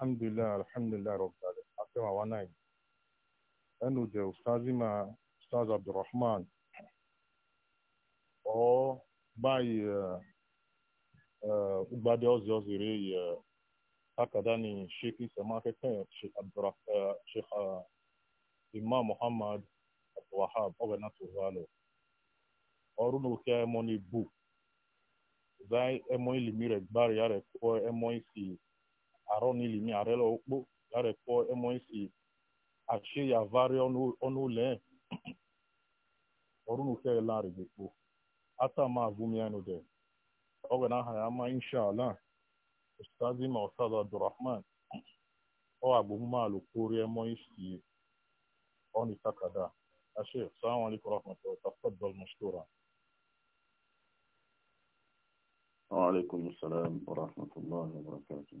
alhamdulilayi alhamdulilayi rọ̀bìlẹ̀ àti àwọn náà yìí ẹnu jẹ́ ustazima ustaz abdulrahman ọ báyìí ugbade uh, uh, ọzọ ọzọ rẹ yẹ uh, akada ni sheikh isamakẹkẹ sheikh abdulrahman sheikh imam muhammad abdulwahab ọbẹ náà tó zálọ ọrụ na oke emoni bu zai emo ilimi rẹ gbari ya rẹ kọ emo isi arọ n'ili mi arẹ lọ okpo yarẹ kpọ msc atsi ya vari ọnụ ọnụ lẹ e. ọrụ n'uke ya lan rege kpo ata ma avumi anu dẹ ọgbẹ na ha ya ma inshallah ustazi ma ustaz abdulrahman ọ agbomuma alukori msc ọni takada ashe salamu alaikum rahmatullahi tafaddal mashkura وعليكم السلام ورحمة الله وبركاته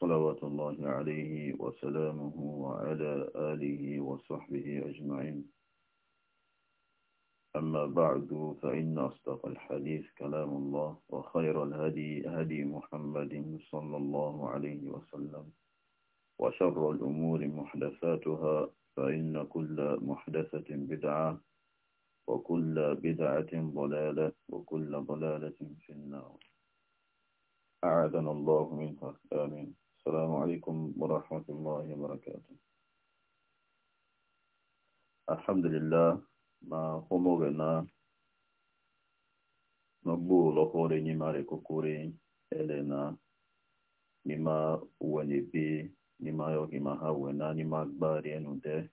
صلوات الله عليه وسلامه وعلى آله وصحبه أجمعين أما بعد فإن أصدق الحديث كلام الله وخير الهدي هدي محمد صلى الله عليه وسلم وشر الأمور محدثاتها فإن كل محدثة بدعة وكل بدعة ضلالة وكل ضلالة في النار أعاذنا الله منها آمين السلام عليكم ورحمة الله وبركاته الحمد لله ما خموغنا لخوري قولي ريكو كوكوري إلينا نما ونبي نما يوهي ما هاونا نما أكباري نده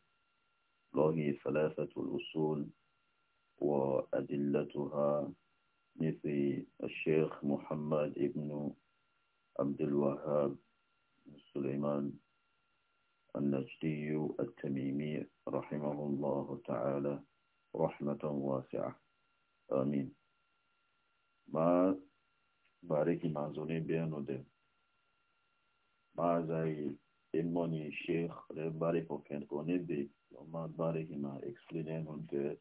لغي ثلاثة الأصول وأدلتها مثل الشيخ محمد ابن عبد الوهاب سليمان النجدي التميمي رحمه الله تعالى رحمة واسعة آمين ما بارك معزوني بيانو دي ما زي إموني شيخ كان وكان بي وما بارك ما إكسلينين ونتي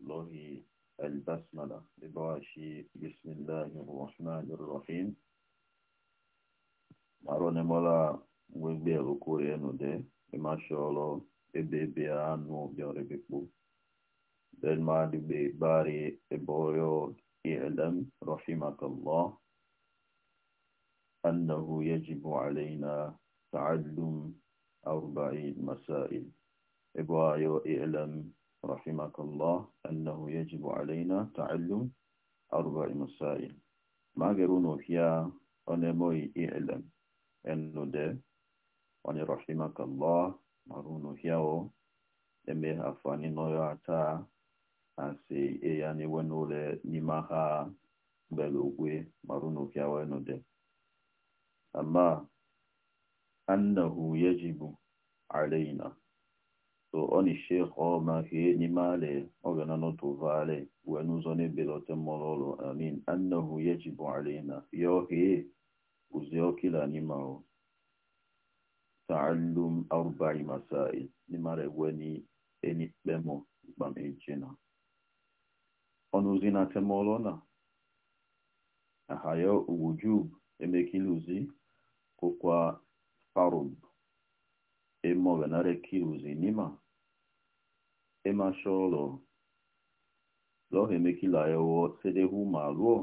لوهي البسملة بباشي بسم الله الرحمن الرحيم maronemola wegbe lokori enude imasholo ebebe anu biorebikpo then ma dibe e bari eboyo اعلم رحمك الله أنه يجب علينا تعلم أربعين مسائل إبوايو اعلم رحمك الله أنه يجب علينا تعلم أربع مسائل ما قرونو فيها أنموي اعلم enode onye rahimakallah mara unu hịao eme afọ anyị ata, taa asị ya n'iwe n'ụlọ n'ime ogwe mara unu hịao enode annahu yajibu alaina so oni sheikh ma he ni male ogana no to vale wenu zone belote mololo amin annahu yajibu alaina yo he وزيوكيلا نيماو تعلم أربع مسائل نمار وني إني بمو بام إجينا أنوزينا تمولونا أحياء وجوب emekiluzi kokwa farub emo venare kiluzi e nima ema sholo lo emekila yowo sedehu maluo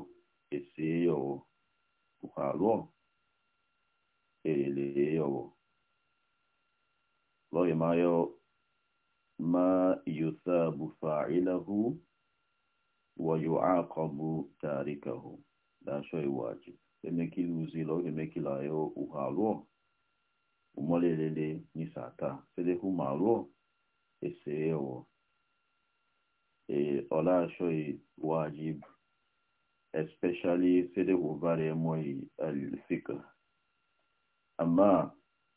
eseyowo alụọ. Ele eleyowo lọ́yẹ̀ máa yọ máa yòtá bufa ìlàhù wọ̀yọ̀ àkọ́bù tàríkàhù dáṣọ ìwájú emekilu uzi lọ́yẹ̀ emekila yọ uhalọ́ umọ́lélele ní sàtà fẹ́lẹ́hù màlọ́ ẹsẹ̀ ẹ̀wọ̀ ọláṣọ ìwájú especially fẹ́lẹ́hù bá rẹ̀ mọ́ ìfikà ama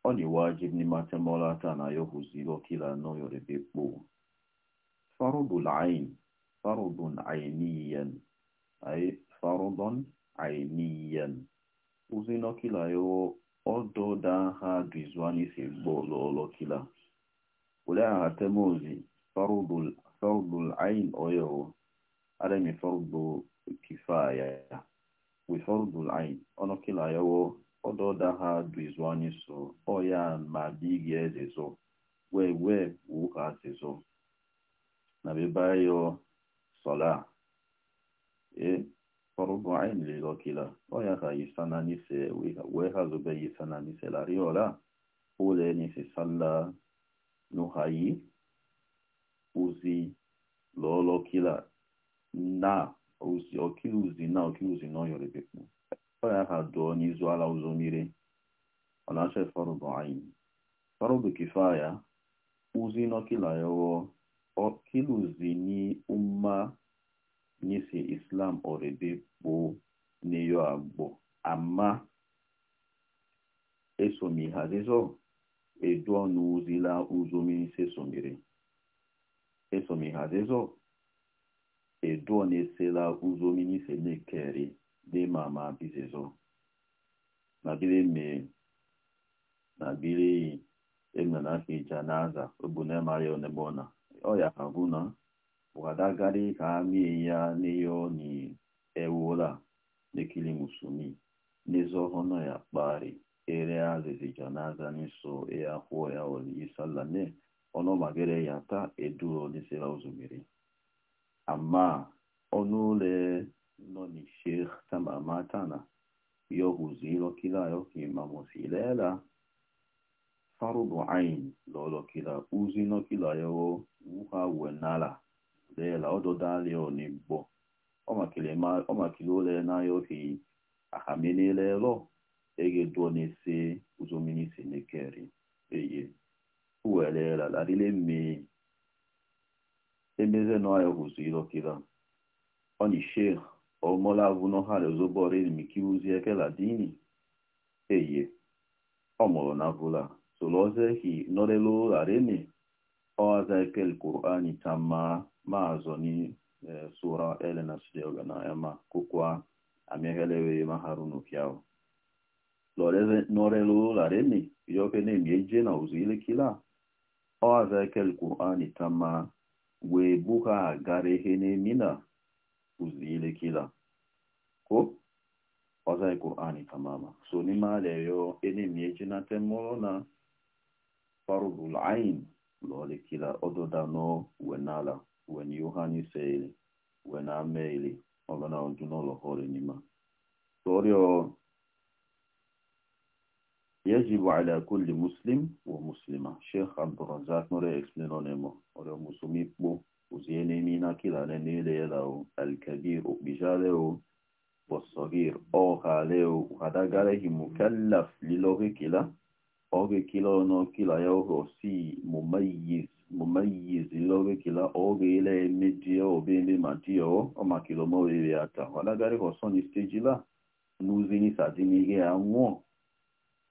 ọ na-ewajib n'ime atemola ata na ya hụziri ọkila nọ yorebe kpo farudul ain farudun ainiyan ay farudun ainiyan uzino kila yo odo da ha dizwani se gbolo lokila ule ha temozi farudul farudul ain oyo aremi farudu kifaya wi farudul ain ono kila yo ododa ha duizu anyị so oya ma dị ga-ezezo wee wee wuo ha zezo na bebayo sola e farubu ayin lilo kila oya ka na nise wee ha zobe yisana nise lariola ole nise salla nuhayi uzi lolo na ozi okiluzi na okiluzi na oyorebekwu ọ ya ha dụọ n'izu ala ụzọ mmiri ọlacha fọrụbụ anyị fọrụbụ kifa ya uzi nọkila ya wọ ọkiluzi ni umma islam orebe bụ n'iyo agbo ama esomi hazizo eduọ n'uzila ụzọ mmiri sesomiri esomi hazizo eduọ na-esela ụzọ mmiri se na-ekeri ma mama bizezo na bile me na bile emna na fija naza obune mario nebona oya haguna wadagari ka mi ya niyo ni ewola nekili musumi nezo hono ya bari ere azezi janaza niso ya huo ya oli isala ne ono magere yata eduro nisela uzumiri ama ọnụ onule noni sheikh tamba matana yo huzilo kila yo kimamosilela farudu ain lolo kila uzino kila yo uha wenala lela ododali oni bo ọmakili ole na yo hi ahamenelelo ege duonese uzominisi nekeri eye uwelela larile mmee emeze na yo huzilo kila oni sheikh omola vunohari ozobori miki uzi ekela dini eye ọmụrụ na vula solozehi norelu areni oaza ekel qur'ani tama maazoni sura elena sidioga na ema kukwa amiehelewe maharunu kiao norelu areni yoke ne mieje na uzile kila oaza ekel qur'ani tama wee buha agarehe na uzi kila ko wazai qur'ani tamama so ni maleyo ene mieje na temoro na farudul ain lole kila ododa no wenala when yohani sele when ameli ogana ontuno lohore nima sorio يجب على كل مسلم ومسلمة شيخ عبد الرزاق نوري اكسبلينو نيمو وريو مسومي بو na-ekilane uziyenemina kilale nileelao alkabir ukbijaleo wasogir ohaleo uhadagalehi mukallaf liloge kila oge kila ono kila ya yaoho si mumayiz mumayiz liloge kila oge ile emedio obeme matio omakilomo wewe ata hadagare hosoni stejila n'uzini sadinige anwụọ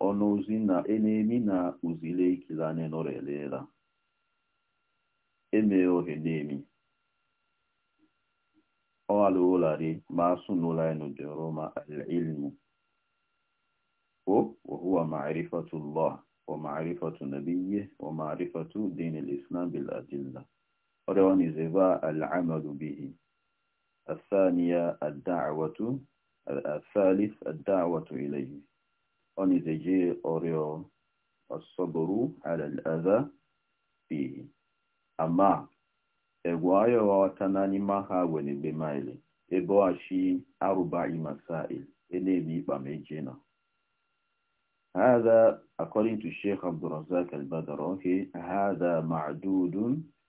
ọnụ ozi na enemi na uzile ikilane nọrọ eleela emee ohe na-emi ọghala ụlarị ma asụ n'ụlọ anyị n'ụjọrọ ma alilmu o وهو معرفة الله ومعرفة نبيه ومعرفة دين الإسلام بالأدلة أروان زبا العمل به الثانية الدعوة الثالث الدعوة إليه أني زجي أريو الصبر على الأذى فيه ama egwu ayo ghọta n'anyịma ha were ebe maili ebe ọchi arụba imasail enebe ikpa ma eje nọ هذا according to Sheikh Abdul Razak al هذا معدود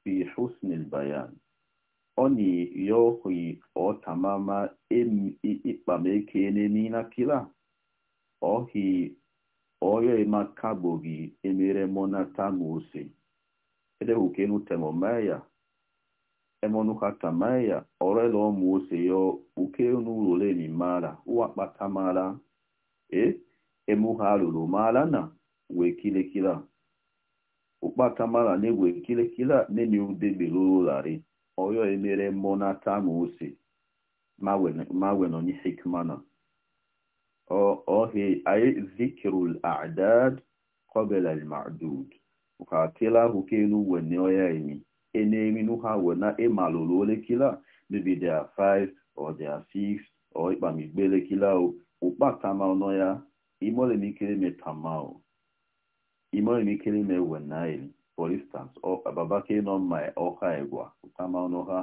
في حسن البيان oni yohi ma tamama em ikpameke n'emina kila ọ oyo emakagbogi emere monata edehukenu temomaya emonukatamaya orela ọmụoseyo ukenu ulolemi mara wakpata mara e emuha ruru mara na wee kilekila ụkpata mara na-egwe kilekila neni udebelolari oyo emere monata ma ose ma wenonye hikmana ohe ai zikirul adad قبل المعدود ukatela hukelu wene oyaimi enemi nuha wena emalolo olekila maybe they are five or they dia six o ikpamigbele kila o ukpatama onoya imolemikele metamao imolemikele mewenaeli for instance ababake no mai ọha e, egwa utama onoha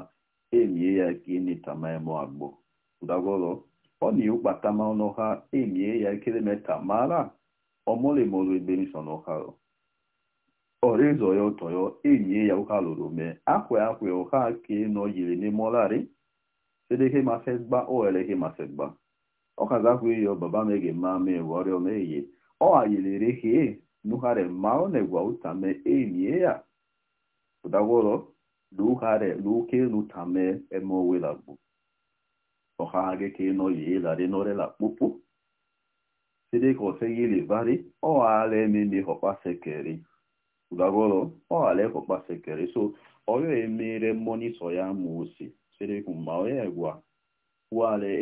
emie ya kini e agbo ọ na ukpatama onoha emie ya ikele ọrịzọ ya ụtọyọ eyie ya ụka lụrụ mee akwe akwe ọha ke nọ yiri n'imọlarị sedehe mafegba oerehe mafegba ọkazakwe yo he ya ụdagwọrọ luhare luke nutame emowelagbu ọhage ke nọ yie larị nọrela kpụkpụ sedeke sekeri gagoro ohaleko pasekere so oyo emere moniso ya siri musi sere kumba oyegwa wale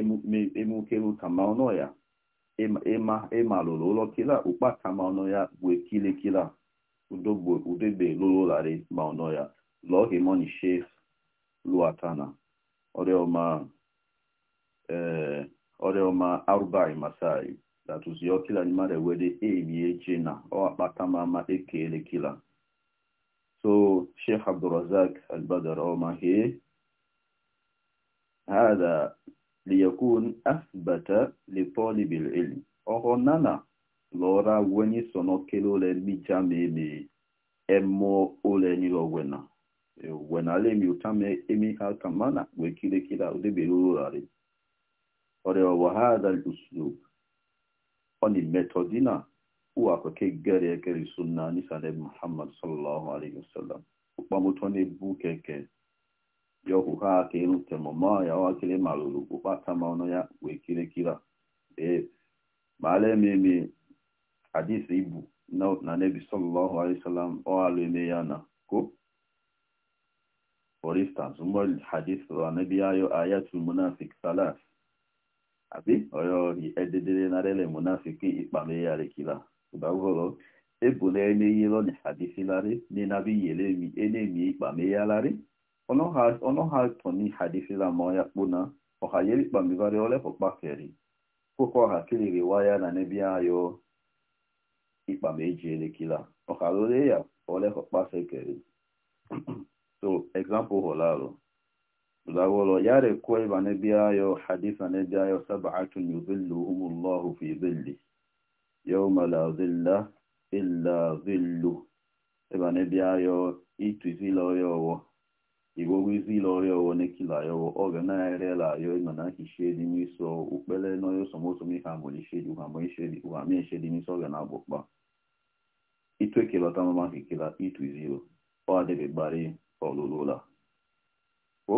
emukemu kama onoya ema ema lololo kila upa kama ya gwe kile kila udogbo udegbe lololare ma ya lọhi moni chef luatana oreoma eh oreoma arba'i masai tatuzi ọkila nimara wede emi eje na ọkpata mama ekele kila so sheikh abdurazak albadar omahe هذا ليكون أثبت لطالب العلم أغنانا لورا وني سنو كيلو لمي جامي أمو أولي لوغنا ونا لمي وتامي إمي هالكمانا وكيلي كيلا ودبي لورا وهذا الأسلوب oni metodina u ako ke gere keri sunna ni sale muhammad sallallahu alaihi wasallam ukpa na-ebu bu keke yo ku ha ke nu te mama ya wa ma malulu ku pata ma ono ya wee we kile kila e male mimi hadisi ibu na na nabi sallallahu alaihi wasallam o ya na ko for instance umar hadith wa nabi ayo ayatul munafiq salas. àbí ọ̀rọ̀ ẹ̀dẹ̀dẹ̀rẹ̀ narẹ́lẹ̀ munafiki ìpàmẹ́ yàrá kìlá ìbáwọ̀rọ̀ ebùlẹ̀ ẹnẹ́yẹ lọ́nà àdìsí lárí ní nàbí yẹlẹ́mi ẹnẹ́mi ìpàmẹ́ yà lárí ọ̀nà ha tọ̀ ní àdìsí lámọ́ ya kpọ́nà ọ̀hà yẹlẹ́ ìpàmẹ́ bá rí ọlẹ́fọ̀pá kẹrì kókó ọ̀hà kiri rí wáyà nà níbi ayọ ìpàmẹ́ jì ẹlẹ́ kìlá ọ̀hà lórí ẹ̀yà ọlẹ́fọ̀pá sẹ́kẹrì so example họ̀ láàrọ̀ dawolo yare kwe bane biyayo haditha ne biyayo sab'atun yudhilluhumullahu fi dhilli yawma la dhilla illa dhillu ebane biyayo itu zilo yowo igwogwo izilo yowo nekila yowo oge na erela yo imana kishedi miso ukpele no yo somoso mi hamo lishedi oge na agbokpa itu ekelata mama kekela itu zilo ọ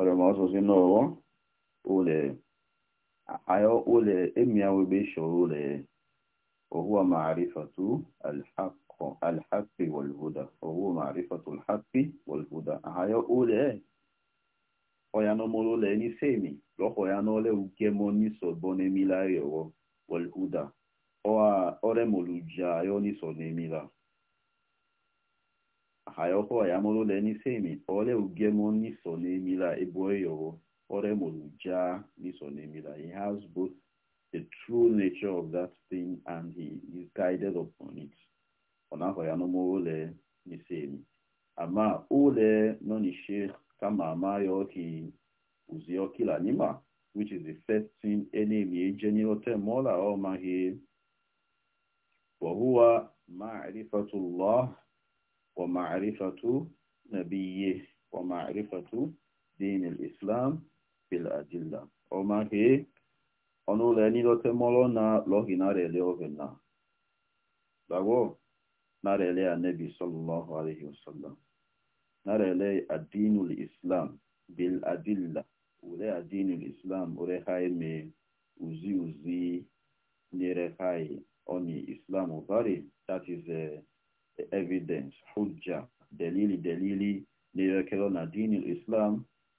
ọlọmọsọ sínú ọwọ olè ayọ olè emiawo ebe ṣọ olè وهو معرفة الحق الحق والهدى وهو معرفة الحق والهدى هاي أولى oyano molo le ni semi lo oyano le ugemo ni so bone mila yo wal huda o ore moluja yo ni so ne mila hayoko ya molo le ni semi ole ugemo n'iso so na emila ore moluja n'iso so na he has both the true nature of that thing and he is guided upon it onako ya no mole ni semi ama ole no ni sheikh kama ama amayo ki uzi uzio kila nima which is the first thing any mi general term ola o mahi وهو معرفة الله ومعرفة نبيه ومعرفة دين الإسلام بالأدلة وما هي أنو لأني لو تمولونا لوهي نار إليوهنا لغو نار إليه النبي صلى الله عليه وسلم نار إليه الدين الإسلام بالأدلة ولا دين الإسلام ولا هاي مي وزي وزي نير هاي أني إسلام وغاري that is uh, evidence hujja delili delili na-erekere na dinul islam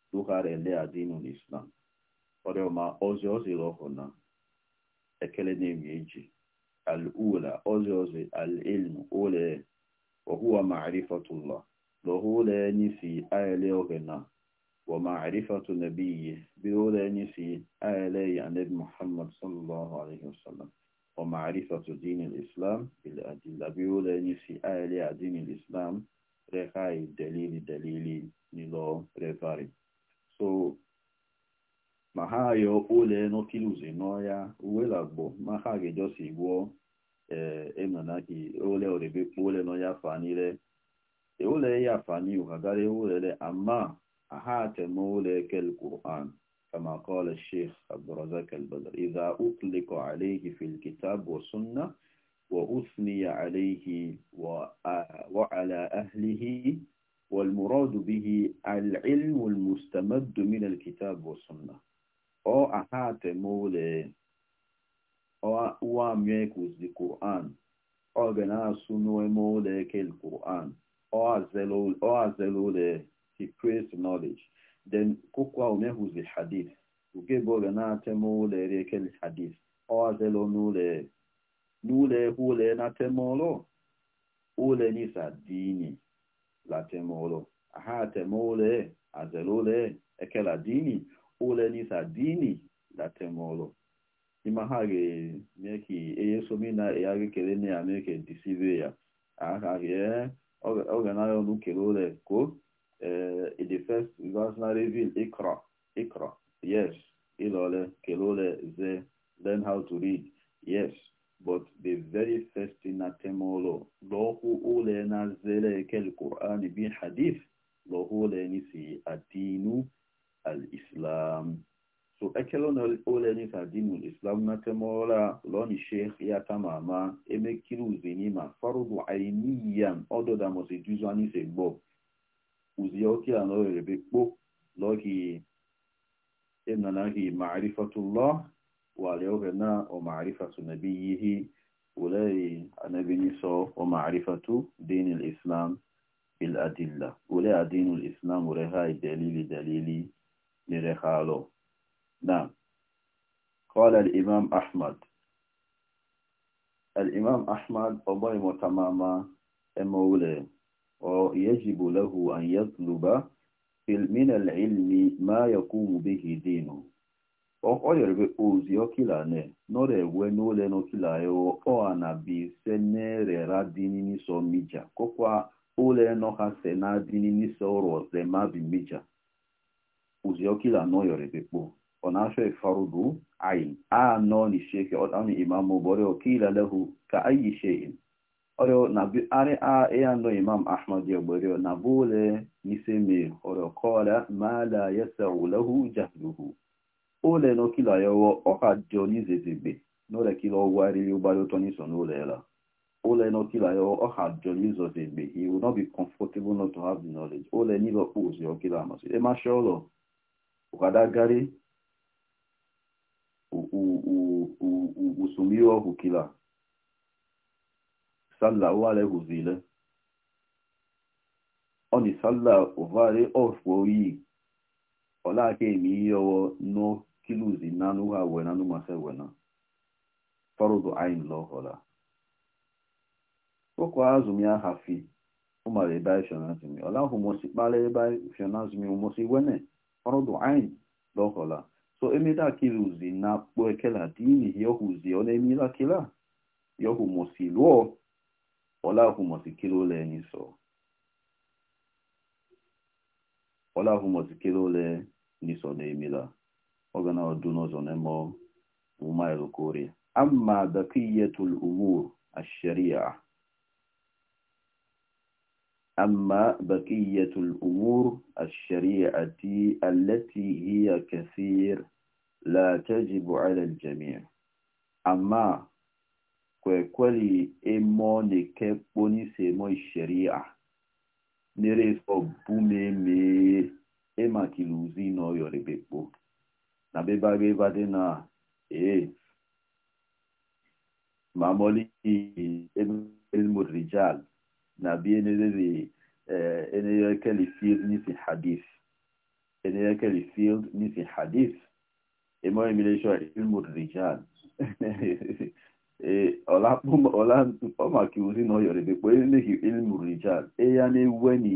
tụgharịa dinul islam ọrịọma ozi ozi ọhụna ekele na-emi eji al'ula ozi ozi al'ilmu ole وهو معرفة الله له نسي آلي وغنى ومعرفة نبيه بيولي نسي آلي sallallahu wa sallam. ومعرفة دين الإسلام بالأدلة بيولا نسي آلي دين الإسلام رخاي دليل دليل نلو رفاري so ma ha yo ole no kiluzi no ya uwe lagbo ma ha ga josi gwo eh emna na ki ole orebe pole no ya fanile e ole ya fani u kagare ole le ama aha te mo ole kel Qur'an كما قال الشيخ عبد الرزاق البدر إذا أطلق عليه في الكتاب والسنة وأثني عليه وعلى أهله والمراد به العلم المستمد من الكتاب والسنة أو أحات مولى أو أميكوز القرآن أو بنا سنو مولى كالقرآن أو أزلول أو أزلول في praise knowledge then kukwa umehuzi hadith ugebore natemolere ekeli hadith oazelo n'ụlọ n'ụlọ ule natemolo ule nisa dini latemolo ha temole azelole ekela dini ule nisa dini latemolo ima ha ga-eme ka eye somina e ya gekele na ya mee ka disive ya aha ga oge ga na-ayọ n'ukele ụlọ ko uh, in the first verse na reveal ikra ikra yes ilole kelole ze learn how to read yes but the very first in na temolo lohu ule na zele kel Quran bi hadith lohu ule ni si adinu al Islam so ekelon ule nisi adinu al Islam na temola ni sheikh ya tamama emekiru zinima farudu ainiyan odo da mosiduzwa ni se bob وزيوكي أنا ربكبو لوكي إن له معرفة الله هنا ومعرفة نبيه ولاي بني صو ومعرفة دين الإسلام بالأدلة ولا دين الإسلام ولها دليل دليلي لرخاله نعم قال الإمام أحمد الإمام أحمد أبوي متماما أمولي أو له أن يطلب من العلم ما يقوم به دينه o yerebe ozi ọkila ne n'okila ewo ọ na bi nerera mija kokwa se na ọrụ mija ozi ọkila nọ kpo ọ na-afọ ifarudu anyị. a nọ n'ishe ọ imam bọrọ ọkila lehu ka shein oro na ari a imam ahmad yogboro na bole niseme oro kola ma la yasau lahu jahluhu ole no kila yowo oka joni zezebe nore kila ya ole no kila yowo oka joni zozebe he will not be comfortable not to have knowledge ole sallallahu alaihi zile oni salla ovare ofwoyi ola ke mi yowo no kiluzi nanu ha wena nu ma se wena farudu ain lo hola oko azumi ahafi umar eba shonazumi ola hu mo si pale eba shonazumi mo si wene farudu ain lo hola so emeda kiluzi na po ekela dini ona kila mo si lo ọláhùmọ̀ sí kí ló lẹ́ni sọ ọláhùmọ̀ sí kí ló lẹ́ni sọ na emila ọgana ọdún ọzọ nemo muma erokore amma bakiyatul umur ash-sharia amma bakiyatul umur ash-shari'ati allati hiya kathir la tajibu ala al-jami' amma kweli emo neke kponisi emo sheria nerefo bumeme emakiluzi noyorebekpo na bebage bade na ee mamoli elmurijal na bi enerere eneyekeli field nisi hadith eneyekeli field nisi hadith emo emileisho ilmurijal ee ọlakpọmaka ozi na ọyọribekpo eleghị elmurijal eya na-eweni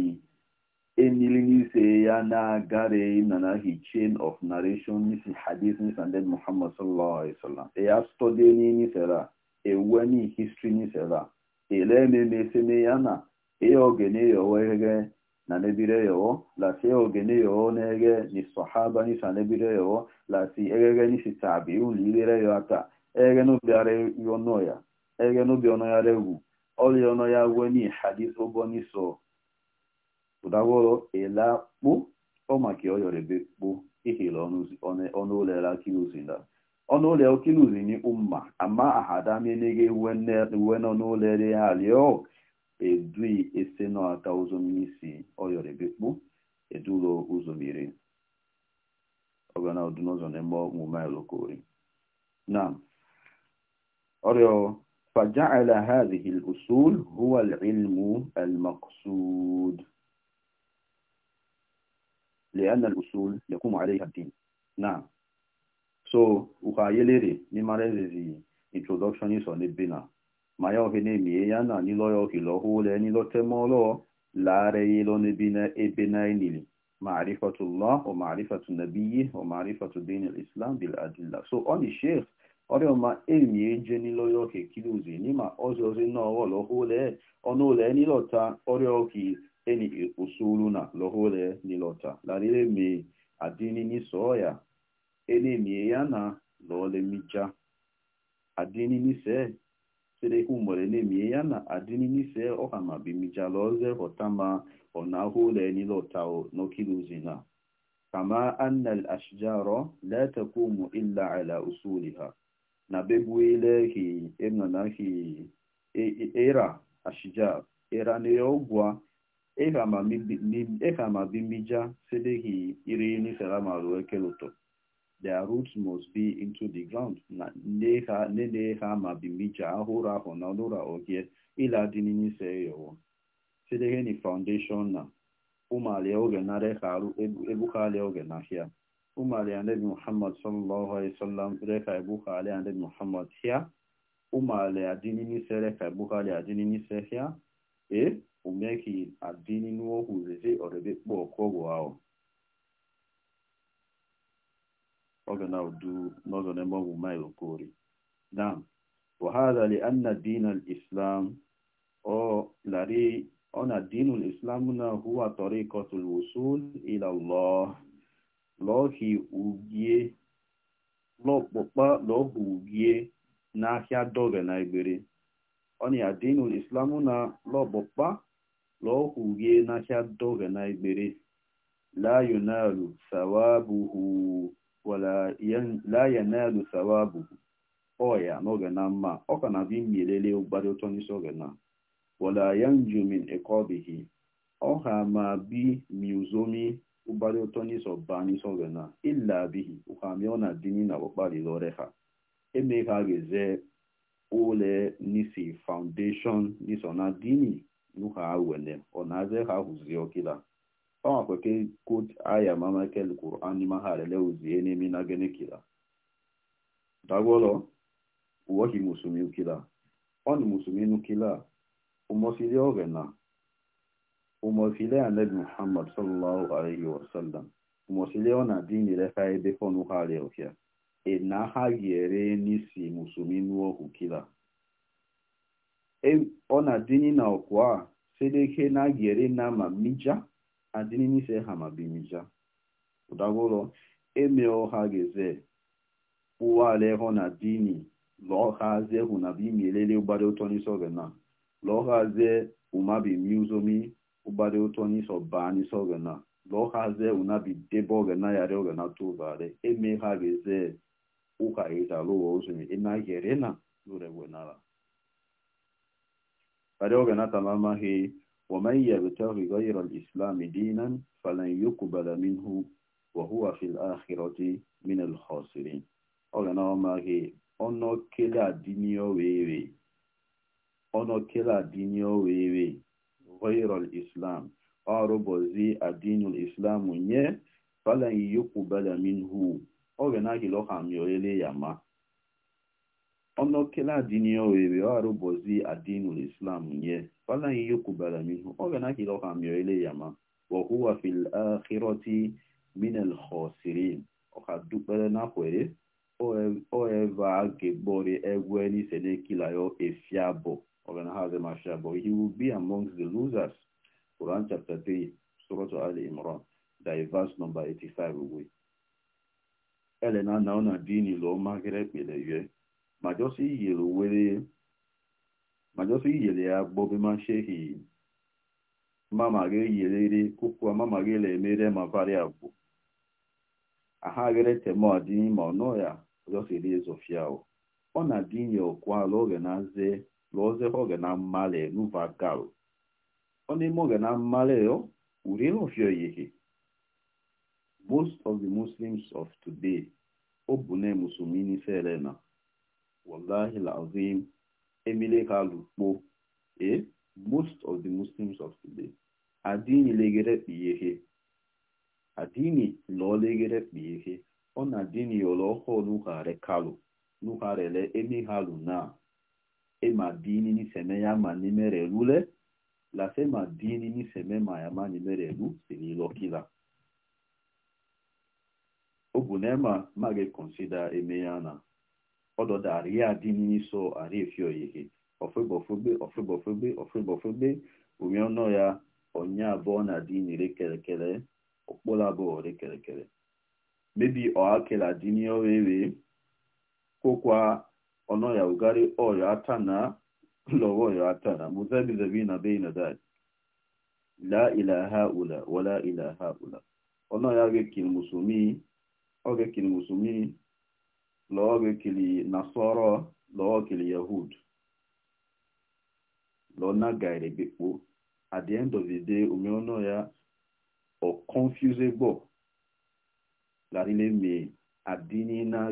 enilise ya e e e na agara na nahi chain of narration nisi hadith nisanded muhammad sallallahu alaihi wasallam eya stọdi nisera eweni history nisera elememeseme ya na eya ogene yowegheghe na nebire yowo lati ogene yowo na na-ege ni sahaba nisa nebire yowo lati egheghe nisi ụlọ lirere yo ata ege n'obi ara ọnụ ya ege n'obi ọnụ ya regwu ọrịa ọnụ ya weni hadis oboniso ụdagwọrọ ele kpụ ọmaka ọyọrebe kpụ ihele ọnụ ụlọ kiluzila ọnụ ụlọ kiluzi ni umma ama ahadamenege uwe n'ọnụ ụlọ ere ya rịọ edui ese n'ata ụzọ mmisi ọyọrebe kpụ edulo ụzọ mmiri ọgana ọdụnọzọ na-eme omume lokori Naam. أريو فجعل هذه الأصول هو العلم المقصود لأن الأصول يقوم عليها الدين نعم so ukayelere ni marezezi introduction is on ebina maya he ni mi ya na ni loyo hilo le ni lo lo la re yi lo ni bina e bina ni ni ebina inili معرفة الله ومعرفة نبيه ومعرفة دين bil بالأدلة so on the sheikh ọrẹ ọma èmi ẹ jẹ ní lọyọ kì í kí ló ń zè ní mà ọjọ ọsẹ náà wọ lọhọ lẹ ọnà ọlẹ nílọta ọrẹ ọkì ẹni ìkóṣóoru náà lọhọ lẹ nílọta làdílé mi àdínní ní sọọyà ẹni èmi ẹ yánà lọọlẹ mi já àdínní ní sẹ sẹdẹkùn mọlẹ ní èmi ẹ yánà àdínní ní sẹ ọkàmà bí mi já lọọzẹ ọtàmà ọ̀nà ọhọ lẹ nílọta ọ náà kí ló ń zè náà kàmá annal àṣìjà rọ lẹ́tẹ̀kùn mọ ìlà àlà òṣù òlì hàn na bebuile hi emnana hi e-, e-, era ashija era ne ogwa ehama e bimbija sede hi iri ni salama ruekeloto the roots must be into the ground na neha nene ma bimbija ahụrụ ahụ na ọnụra ogie ila dị n'ise se yowo sede he foundation na ụmụ alia oge na reha arụ ebukhalia oge na ahịa Umar ali anabi Muhammad sallallahu alaihi wasallam reka ibuka ali anabi Muhammad here Umar ali adini ni sereka ibuka ali adini ni sehia e umeki adini nuo huzeze orebe kpo okogo ao oga na udu nozo ne mbo mai okori dam wa hadha li anna din al islam o lari ona dinul islam na huwa tariqatul wusul ila Allah lọhi uhie lọkpụkpa lọhụ uhie n'ahịa doge na egbere ọnị adịnụ islamu na lọkpụkpa lọhụ uhie n'ahịa doge na egbere la yunalu sawabuhu wala la yanalu sawabuhu ọya n'oge na mma ọ ka na-abụ imielele ụgbadị ụtọ n'isi oge na wala yanju min ekobihi ọha ma bi miuzomi ụgbara ụtọ n'iso baa n'iso gana ile abighị ụhamịọ na dini na ọkpalilore ha eme ha geze ole n'isi foundation n'iso na dini nuha wene ọ na-aze ha hụzie ọkịla ọnwakweke kot aya mamakel kwuru anima ha rele uzie n'emi na gene kila dagwolo uwohi musumi ukila ọ ni musumi nukila umosili ogena umofile anabi muhammad sallallahu alaihi wasallam umofile ọ na-adị nyere ha ebe fọnụ ha rịa ọhịa na ha yere n'isi musumi n'ohu kila ọ e na-adịnị na ọkụ a sedeke na yere na ma mija adịnị n'ise ha ma bimija ụdagụlọ eme ọha geze ụwa alehọ na dini ha lọhaze hụ na bimelele gbara ụtọ n'isi ọgana lọhaze umabi miuzomi ubade utoni so bani so gana lo haze unabi debo gana yare gana tu bare eme hageze uka ita e lo osumi ina e yerena lure wenala bare ogana ومن يبتغي غير الإسلام دينا فلن يقبل منه وهو في الآخرة من الخاسرين ọ̀rẹ́nà ما هي؟ أنك لا ديني ويلي، ọ̀nà kẹlẹ̀ àdíníọ̀ wéèrè ọ̀nà kẹlẹ̀ àdíníọ̀ wéèrè غير الإسلام أربوزي الدين الإسلام يه فلن يقبل منه أغنى لوخا ميولي يما ọnụ kele adịnị ohere arụbọzi adinul islam nye fala ihe kwubara mihu ọ ga nakile ọha mịọrele ya ma wahuwa fil akhirati min al khosirin ọha dukpere na kwere oeva gegbori egwe n'ise n'ekila yo efiabọ organize Mashiach, but he will be among the losers. Quran chapter 3, Surah Al Imran, the verse 85 away. Elena na ọ na lo magere pele ye. Majosi yelo wele. ya bobi man shehi. Mama ge yele re kukwa mama ge le ma pare abu. Aha gere temo adini ma ya. Majosi na loze hoge na male nuva galo. Oni moge na male yo, urilo fio yehi. Most of the Muslims of today, obune musumini selena. Wallahi la azim, emile kalupo. e Most of the Muslims of today. Adini legere piyehe. Adini lo legere piyehe. Ona dini yolo ho nuhare kalu. Nuharele emi halu na. ema dini ni seme ya ma nimere elu lule la sema dini ni seme ma ya ma nimere mere lu sili lo kila obunema ma ge konsida eme ya na odo da a dini ni so ari efio gbe e ofebo fobe ofebo fobe ofebo fobe umyo no ya onye bo na dini re kele kele okpola bo re kele kele maybe o akela dini o wewe kokwa ono ya ugari oyo atana lowo yo atana muzabizabina na dhalik la ilaha ula wala ilaha ula ono ya ụla musumi ogekil musumi lo ogekili nasoro lo ogekili yahud lo na gaire bikpo at the end of the day umi ono ya o confusable la rile adini na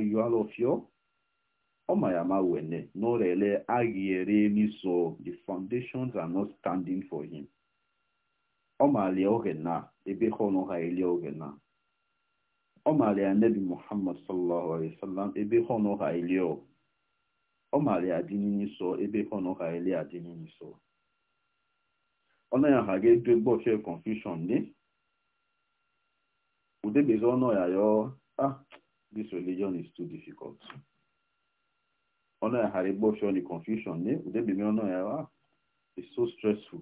Omayamawene, Norele Agieremi so the foundations are not standing for him. oge na ele oge na. ọ Ogena. ya Anebi Muhammad sallallahu alayhi wasallam, Ebehono Haile. Omale Adinini so, ele adị Adinini so. Ona ya ga dwebo share confusion ni. Udebezona ya yo, ah, this religion is too difficult. ona hari bosho ni confusion ni ude bi mi ona ya it's so stressful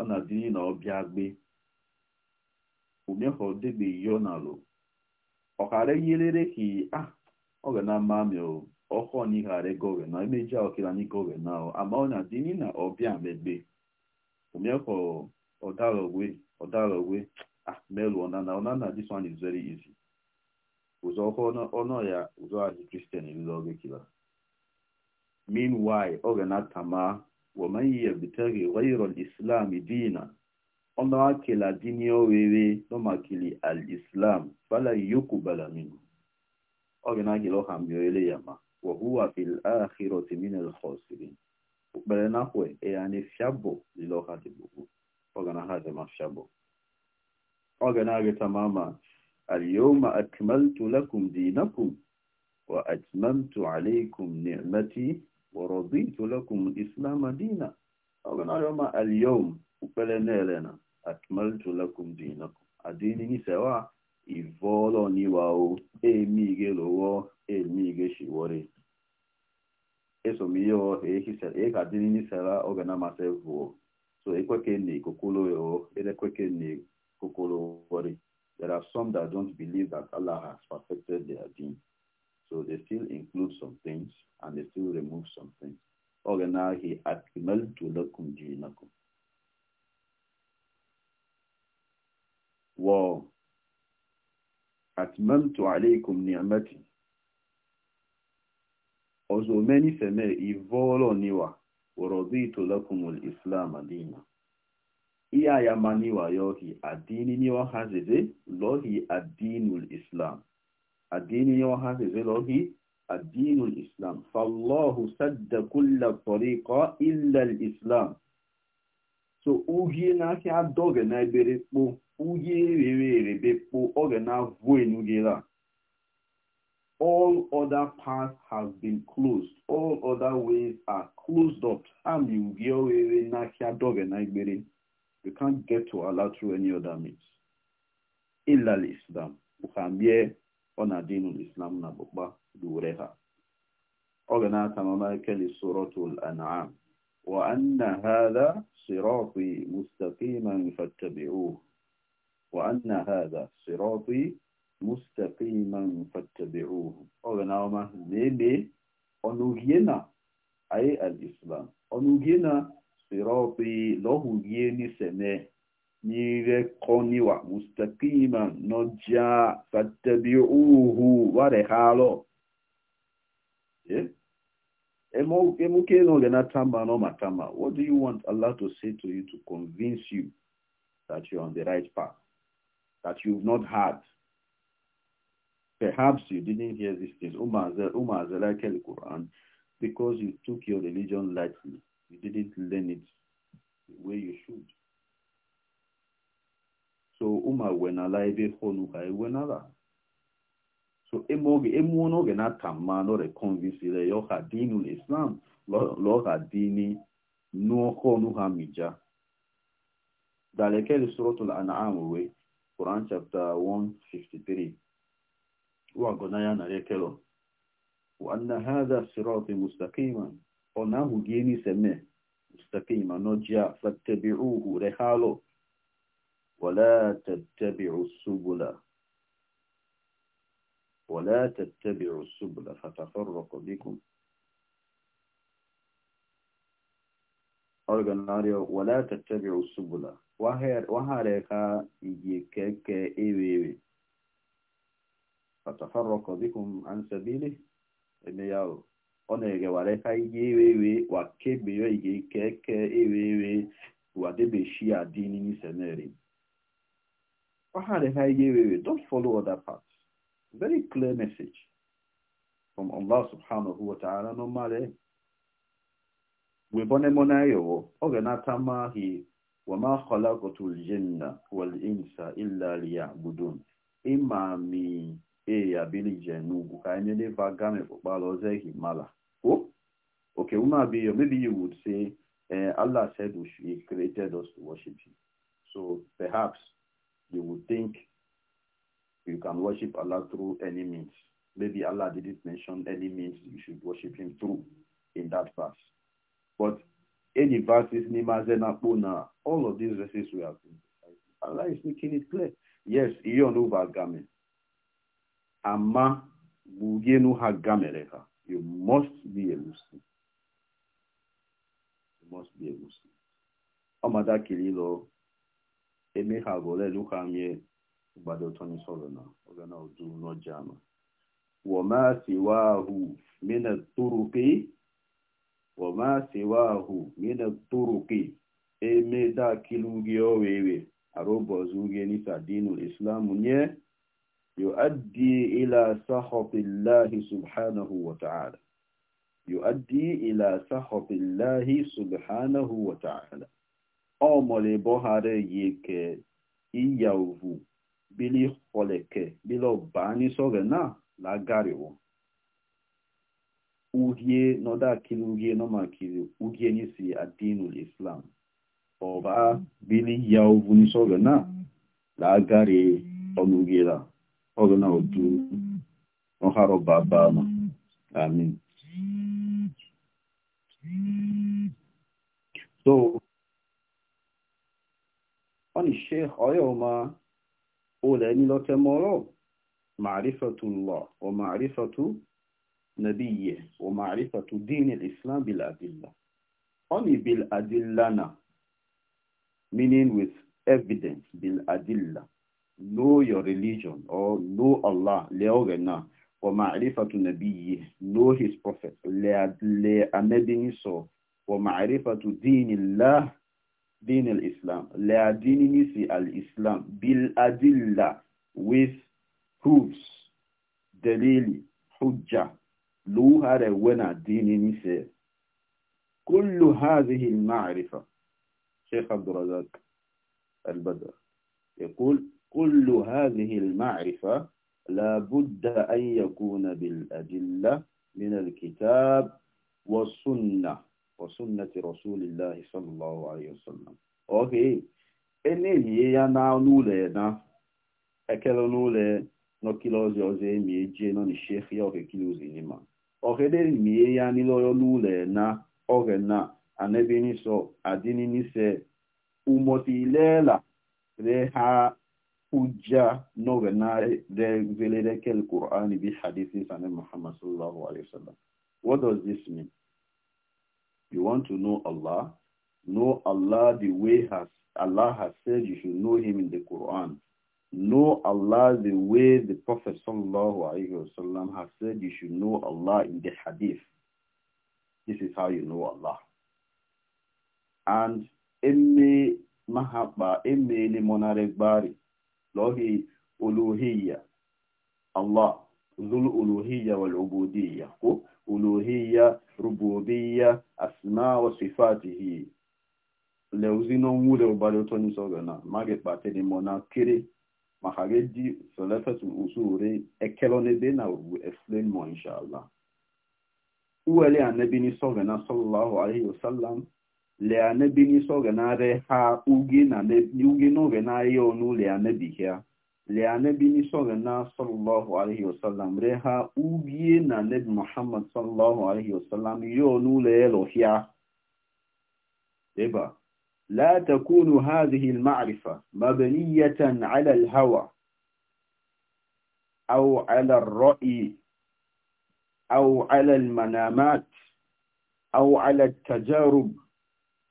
ona di na obia gbe umi ho de na lo o kare yelere ki ah o ga na mi o ọkọ na imeja okila ni na o ama ona di ni na obia megbe umi ho melu ona na ona na Meanwhile, Oganatama, ومن يبتغي غير الإسلام دينا أنا أكل ديني ويوي نما كلي الإسلام فلا يقبل منه أغنى كيلو خاميو يما وهو في الآخرة من الخاسرين بلنا هو يعني فيابو للو خاتبو أغنى هذا ما فيابو أغنى تماما اليوم أكملت لكم دينكم وأتممت عليكم نعمتي ورضيت لكم الإسلام دينا أغنى يوم اليوم وبلنا لنا أكملت لكم دينكم أديني سوا إميغي لوو إميغي na amasị vuo so ekweke na ikokolo yo edekweke na ikokolo wori there are some that don't believe that allah has perfected their deen So they still include some things and they still remove some things. Okay, now he akmal to lakum dinakum. Wow. Atmamtu alaykum ni'mati. Ọzọ meniseme ivolo niwa ورضيت لكم الإسلام دينا iya ya maniwa yohi adini niwa hazize lohi adinul islam الدين يوها زلوه الدين الإسلام فالله سد كل طريقة إلا الإسلام so uhie n'aka ada oge na-ebere kpo uhie erere erebe kpo oge na-avụ enugela all other paths have been closed all other ways are closed up ami uhie ohere n'aka ada na ekpere you can't get to Allah through any other means illa islam buhambie ọ na dinul islam na bụkpa lure ha ọ ga na-ata n'ọlaikeli suratul an'am wa anna hadha sirati mustaqiman fattabi'uhu wa anna hadha sirati mustaqiman fattabi'uhu ọ ga na-ama na-eme ọnụghie na ayị al islam ọnụghie na sirati lọhụghie n'iseme nyire koniwa noja fattabi'uhu ware eh? tamba no what do you want allah to say to you to convince you that you're on the right path that you've not heard perhaps you didn't hear these things quran because you took your religion lightly you didn't learn it the way you should so ụma wenala ebe honu ka ewenala so emoge emuo n'oge na-ata mma lọre konvisire ya ọha dinu islam lọha dini nuọkọnu ha mija dalekeli suratul an'am we quran chapter 153 wa gona ya na rekelo wa anna hadha sirati mustaqiman onahu gini seme mustaqiman nojia fattabi'uhu rehalo ولا تتبعوا السبل ولا تتبعوا السبل فتفرق بكم organario ولا تتبعوا السبل وهاريكا يجيكك ايوي فتفرق بكم عن سبيله emeyao ọ na-egewarịka iji ewewe wakebere ige keke ewewe wadebechia dị n'iseneri Don't follow other paths. Very clear message from Allah subhanahu wa ta'ala no matter. Webone monayo, ogenatama hi, wama khalaqatul jinna wal insa illa liya'budun. Imami e yabili jenubu, kainele vagame fukbaloze himala. Oh? Okay, umabiyo, maybe you would say, uh, Allah said he created us to worship him. So perhaps You would think you can worship Allah through any means. Maybe Allah didn't mention any means you should worship him through in that verse. But any verses, all of these verses we have been Allah is making it clear. Yes, iyon uvagame. Ama bugenu hagamereha. You must be a Muslim. You must be a Muslim. Amada kililo emeha gole luha mie gbado toni solona ogana odu no jama wama siwahu min at-turuqi wama يؤدي إلى سخط الله سبحانه وتعالى يؤدي إلى سخط الله سبحانه وتعالى omole bohare yeke iyauvu bili holeke bilo bani sogena lagariwo ugie noda kili ugie noma kili ugie nisi adinul islam oba bili yauvu ni sogena lagari onugira ogena odu oharo babama amin so oni sheikh oyo ma ole ni loke moro ma'rifatullah wa ma'rifatu nabiyye wa ma'rifatu din al-islam bil adilla oni bil adillana meaning with evidence bil adilla know your religion or know Allah leogena wa ma'rifatu nabiyye know his prophet le le anabini so wa ma'rifatu dinillah دين الإسلام لا دين في الإسلام بالأدلة with proofs دليل حجة لوها رونا دين نسي كل هذه المعرفة شيخ عبد الرزاق البدر يقول كل هذه المعرفة لا بد أن يكون بالأدلة من الكتاب والسنة وسنة رسول الله صلى الله عليه وسلم أوكي إني يا نولة نا أكلو نولة نكيلوز يوزي ميجي نوني شيخ يا أوكي كيلوز إنما أوكي دير مي يا نيلو نولة نا أوكي نا أنبي نيسو أديني نيسي أموتي ليلة ريها حجة نوغنا ريفيلي ريكي القرآن بحديث سنة محمد صلى الله عليه وسلم What does this mean? You want to know Allah? Know Allah the way has Allah has said you should know him in the Quran. Know Allah the way the Prophet wasallam has said you should know Allah in the Hadith. This is how you know Allah. And emme mahaba emme limonaregbari lohi uluhiyya Allah ذو الألوهية والعبودية uluhiyya rububiyya asma wa sifatihi leuzino nwule ubali otoni sogana mage pateni mona kiri mahage di solafatu usuri ekelone be na ubu explain mo inshallah uwele anabi ni sogana sallallahu alaihi wasallam le anabi ni sogana re ha ugi na ne ugi no ge na ye onu le anabi ya le anabi ni soga na sallallahu alaihi wasallam reha ubie na nabi muhammad sallallahu alaihi wasallam yo nule elohia eba لا تكون هذه المعرفة مبنية على الهوى أو على الرأي أو على المنامات أو على التجارب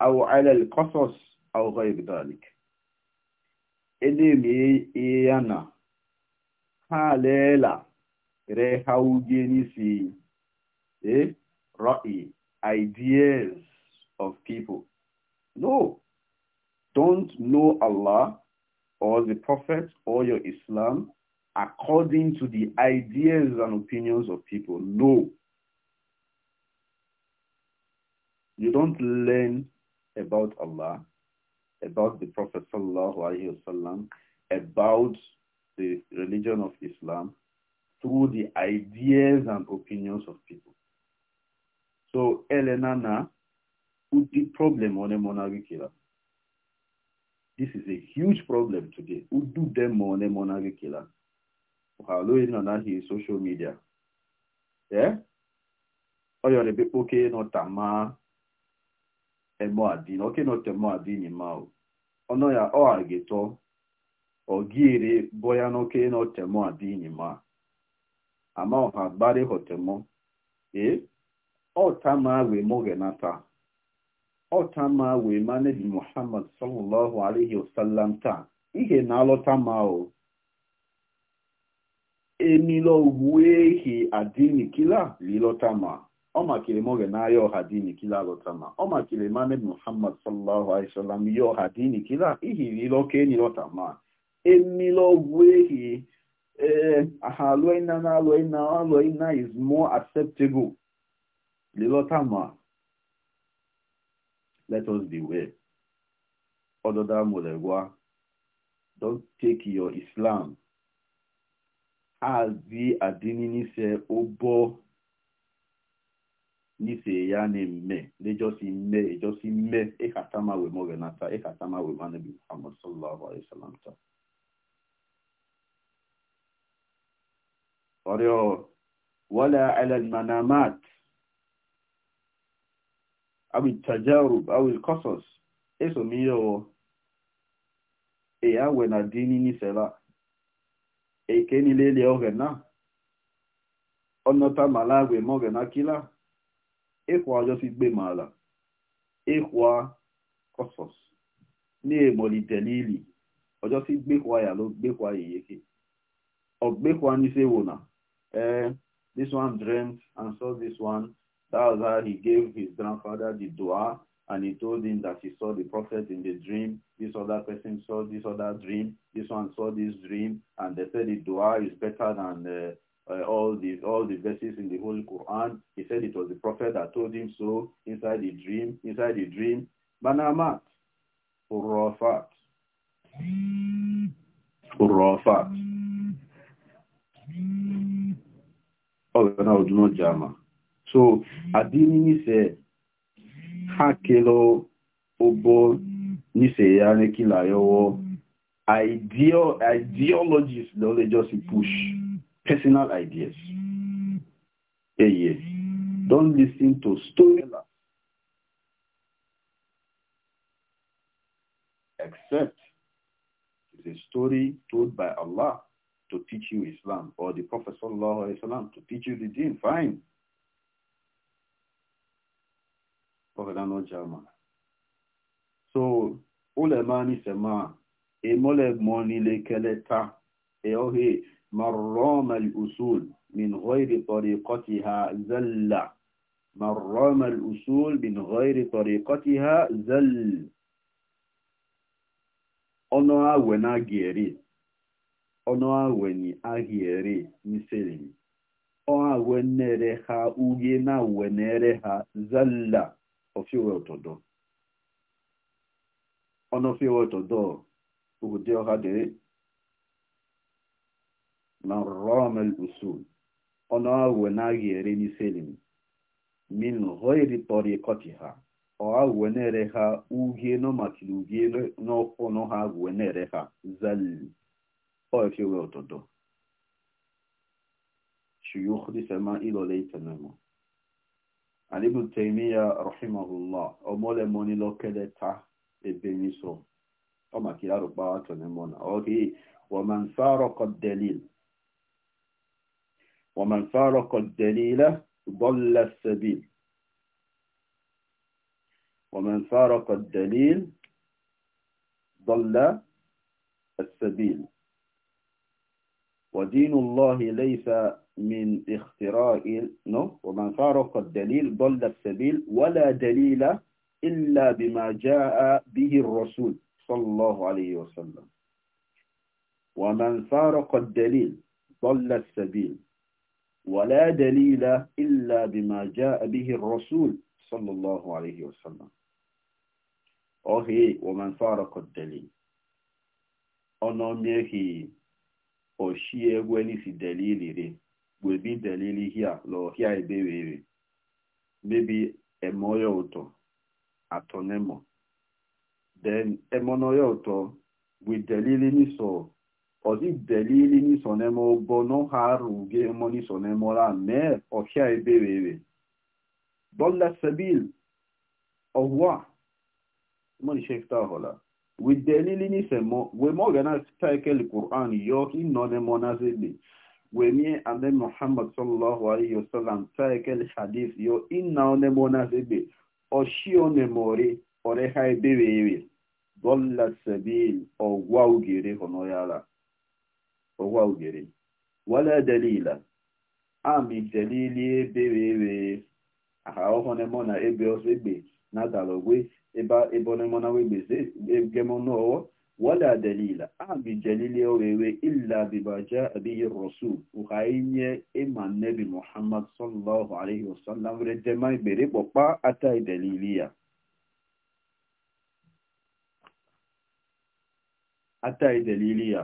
أو على القصص أو غير ذلك edemie ha eh ideas of people no don't know allah or the prophet or your islam according to the ideas and opinions of people no you don't learn about allah about the Prophet wasallam, about the religion of Islam through the ideas and opinions of people. So Elenana put the problem on a monarchical. This is a huge problem today. Who do them on a monarchical? Hello, Nana, he social media. Yeah? Oh, you're a bit okay, not Tama, emoadini oke note moadini mao ono ya o ageto ogiri boya noke note moadini ma ama oha gbari hotemo e otama we mogenata otama we manebi muhammad sallallahu alaihi wasallam taa ihe na-alọta ma o Emila uwe ehi adini kila lilọta ma ọ makiri m oge n'ahịa ọha dị kila alụta ma ọ makiri mane muhammad sallallahu alaihi wasallam ya ọha dị kila ihiri ile ọka enyi lọta ma emile ọgwụ ehi ee ịna na alụọ ịna is more acceptable lilọta ma let us beware ọdụda mụregwa don't take your islam as the adinini say nise ya ne mme lejosi mme e ejosi mme ekatama we mo renata ekatama we mane bi muhammad sallallahu alaihi wasallam ta oryo wala ala almanamat abi tajarub aw alqasas eso miyo e ya we na dini ni sela e keni lele ogena onota malawe mo renakila ịkwa ajọsi ikpe ma ala ịkwa kọsọs na-ebolite n'ili ọjọsi gbekwa ya lo gbekwa ya yeke ọgbekwa n'ise wona eh this one dreamt and saw this one that was how he gave his grandfather the dua and he told him that he saw the prophet in the dream. This other person saw this other dream. This one saw this dream. And they said the dua is better than uh, uh, all the all the verses in the Holy Quran. He said it was the prophet that told him so inside the dream, inside the dream. Banamat, Urafat, Urafat. Oh, now do not jama. So adini said, hakelo obo nise ya nekila yowo. Ideo ideologies, they just push personal ideas. A yes. Don't listen to storytellers. Except it's a story told by Allah to teach you Islam or the Prophet Sallallahu Alaihi Wasallam to teach you the deen. Fine. So, ulema ni sema, emole moni lekele ta, eohe, مرام الأصول من غير طريقتها زل مرام الأصول من غير طريقتها زل أنا ونا جيري أنا وني أجيري مثلي أنا ونرها أجينا ونرها زل أفي وتدو أنا في وتدو أودي أهدي من رام الأصول أنا وناغير نسلم من غير طريقتها أو ونرها أوجينا ما تلوجينا نوفونها ونرها زل أو في وطدو شيوخ لسما إلى ليتنا علي بن تيمية رحمه الله أمول موني لو كده ebeniso ọmọ kí arúgbó àtọ̀nẹ́mọ́nà ọ̀kì wọ́n máa ń fárọ̀ ومن فارق الدليل ضل السبيل ومن فارق الدليل ضل السبيل ودين الله ليس من اختراع نو ومن فارق الدليل ضل السبيل ولا دليل إلا بما جاء به الرسول صلى الله عليه وسلم ومن فارق الدليل ضل السبيل ولا دليل إلا بما جاء به الرسول صلى الله عليه وسلم أوه ومن فارق الدليل أنميه أشيه ولي في دليله وبي هي لو هي بي بي بي emoyo ụtọ atonemo then emonoyo ụtọ with delili niso ọdị delili n'isonemo bono ha ruge mo n'isonemo la mee ọhịa eberere dọla sebil ọhụa mọni shefta hola with delili n'isemo we mo gana taikeli quran yo inọ nemo na zebe we mie ande muhammad sallallahu alaihi wasallam taikeli hadith yo inna onemo na zebe ọshi onemori ọreha eberere dọla sebil ọgwa ugere honoyala ụwa ugere waledelila amitelili ebewewe aha na ebe ọzọ na dalogwe ebe na wegbe egemonọọ waledelila amijelili owewe bibaja abihi ịma nnebi muhammad igbere kpọkpa ata idelili ya ata idelili ya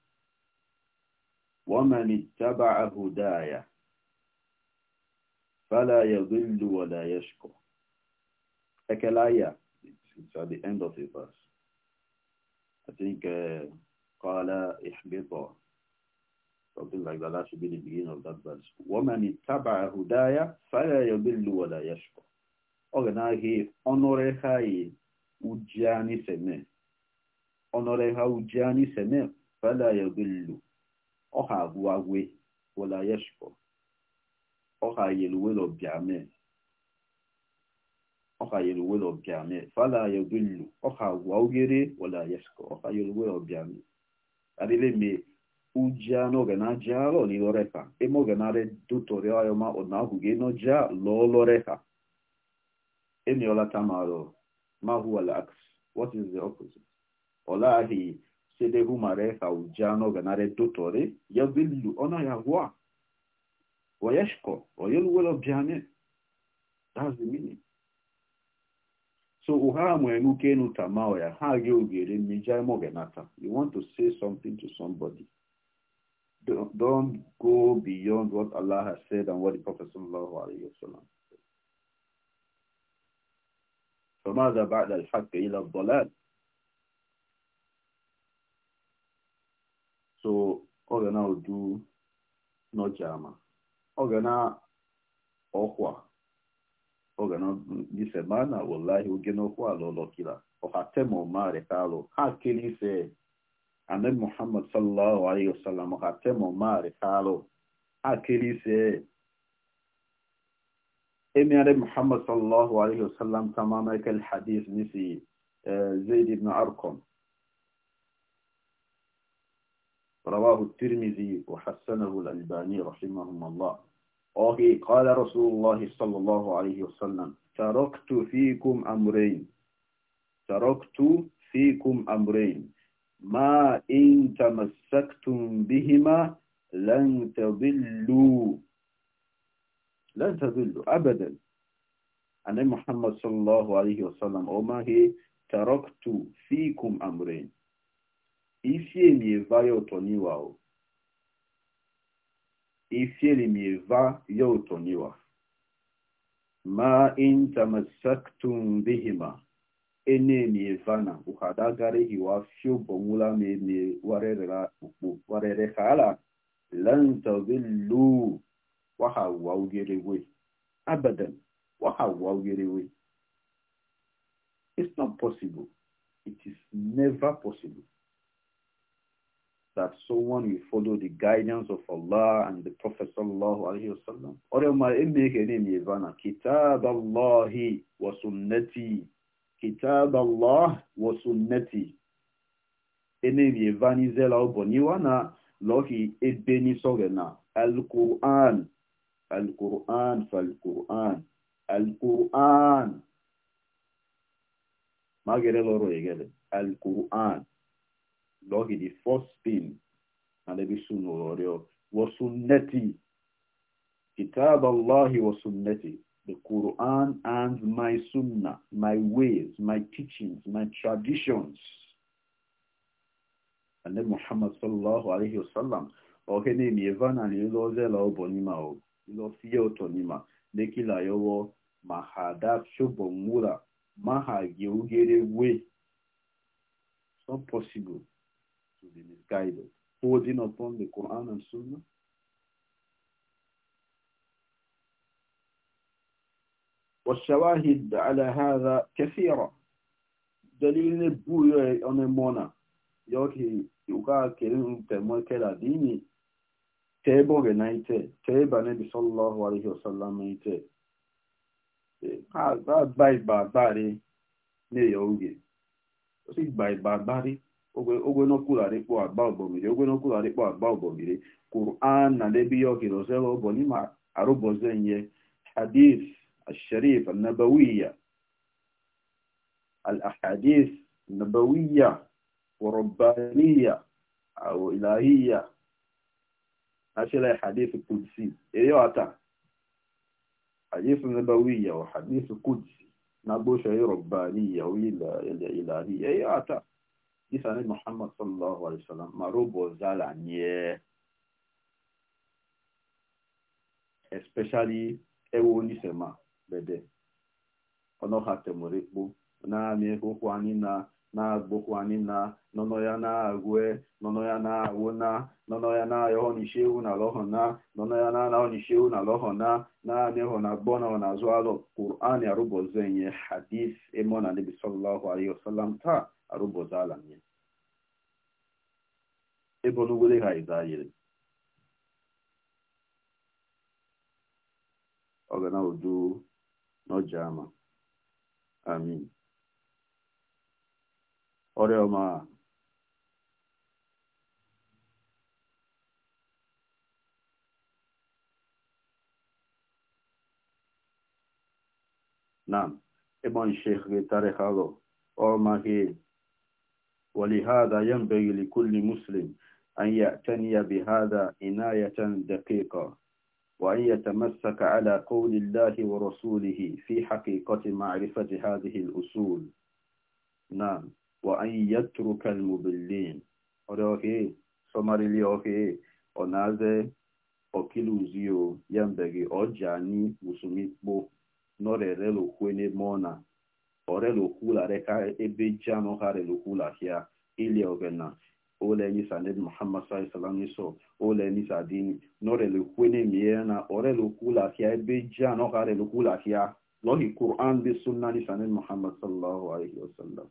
ومن اتبع هدايا فلا يضل ولا يشكو أكلايا it's at the end of the verse I think uh, قال احبطا something like that that should be the beginning of that verse ومن اتبع هدايا فلا يضل ولا يشكو Okay, now he honore hai ujani seme. Honore hai ujani seme. Fala yabillu. ọha abụọ agwe wela yeshpo ọha yeluwelobịame ọha yeluwelobịame fada yedulu ọha agwa ogere wela yeshpo ọha yeluwelobịame adịleme uja n'oge na aja alọ n'ilorefa eme oge narị dutọrị ayọma ọnahụghị n'ọja lụọ lorefa emiolata ma alọ ma huwa laks what is the opposite ọlaghị ganare dotore ona wayashko that's the meaning so uha mwenu kenu tamao ya hage ugere mijaimo genata you want to say something to somebody don't, don't go beyond what Allah has said and what the Prophet sallallahu alayhi wa sallam فماذا بعد الحق إلى الضلال so oge na udu n'ojama oge na ọkwa oge na disemana wallahi oge na ọkwa lọlọkila ọhatemo mare kalo ha kiri ise anabi muhammad sallallahu alaihi wasallam ọhatemo mare kalo ha ise emi muhammad sallallahu alaihi wasallam tamama nisi eh, رواه الترمذي وحسنه الألباني رحمه الله أوكي قال رسول الله صلى الله عليه وسلم تركت فيكم أمرين تركت فيكم أمرين ما إن تمسكتم بهما لن تضلوا لن تضلوا أبدا أنا محمد صلى الله عليه وسلم وما هي تركت فيكم أمرين Ifie mieva ya utoniwa o. Ifie li mieva ya utoniwa. Ma in tamasaktum bihima. Ene mievana uhadagare hiwa fio bomula me me warerera warere khala. Lan tawillu waha wawgerewe. Abadan waha wawgerewe. It's not possible. It is never possible that someone will follow the guidance of Allah and the Prophet sallallahu alayhi wa sallam. Ọ̀rẹ́mà emeke ní mi ìbána, Kitab Allahi wa sunnati. Kitab Allah wa sunnati. Ene mi ìbáni zẹ́la ọbọ̀ níwá na lọ́kì ebe ní sọ̀rẹ̀ na. Al-Qur'an. Al-Qur'an fal-Qur'an. Al-Qur'an. Má gẹ̀rẹ́ lọ́rọ̀ ẹ̀gẹ́rẹ́. Al-Qur'an lọ́gì the first spin anabi sunu ọ̀rẹ́ ọ wasuneti kitab allahi wasuneti the quran and my sunnah my ways my teachings my traditions anabi muhammad sallallahu alayhi wa sallam ọ̀kẹ́ ní èmi ẹ̀fà náà ní lọ́ọ́zẹ́ làwọn bọ̀ nímà ọ lọ fíyẹ́ ọ̀tọ̀ nímà lẹ́kìlá yọwọ́ mahada ṣọ́bọ̀ múra maha gẹ̀úgẹ̀rẹ̀ wé it's not possible to be misguided, holding upon the Quran and Sunnah? والشواهد على هذا كثيرة دليل بوية أن مونا يوكي يوكا كريم تموي كلا ديني تيبو جنايته تيبا نبي صلى الله عليه وسلم نيته هذا باي بارباري نيوغي وسي باي بارباري ogwe n'okụlarịkpọ agba ụgbọmiri ogwe n'okụlarịkpọ agba ụgbọmiri kwuru a na lebe ihe ọkịrị ọzọrọ ọbọ n'ime arụbọzenye hadith الشريف النبوية الأحاديث النبوية وربانية أو إلهية أشياء حديث القدسي إيه أتا حديث النبوية وحديث القدسي نبوشة ربانية وإلهية إيه أتا isane muhammad sallallahu alaihi wasallam marobo zala nye especially ewo nisema bede ono ha temorekpo naanị okwu anyị na na anyị na nọnọ ya na-agwe ya na na ya na-ayọ n'isi ewu na lọhọ na nọnọ ya na ewu na lọhọ na naanị hụ na gbọ na n'azụ alọ kwuru anyị na nebi e sallallahu alaihi wasallam taa arụbọta ala nye ebe onugwere ha ịza yiri ọgana udu n'ọja ama amin ọrịa ọma نعم ابن الشيخ تاريخ هذا أو ما هي ولهذا ينبغي لكل مسلم أن يعتني بهذا إناية دقيقة وأن يتمسك على قول الله ورسوله في حقيقة معرفة هذه الأصول نعم وأن يترك المبلين أوكي سمر لي أوكي أنازه أكيلوزيو ينبغي أجاني مسلمي بو نوري رلو خويني مونا ore lokula reka ebe jano hare lokula hia ile e ogena ole ni saned muhammad sallallahu alaihi wasallam ole ni sadini nore lokwene miena ore lokula hia ebe jano hare lokula hia lohi quran bi sunna ni saned muhammad sallallahu alaihi wasallam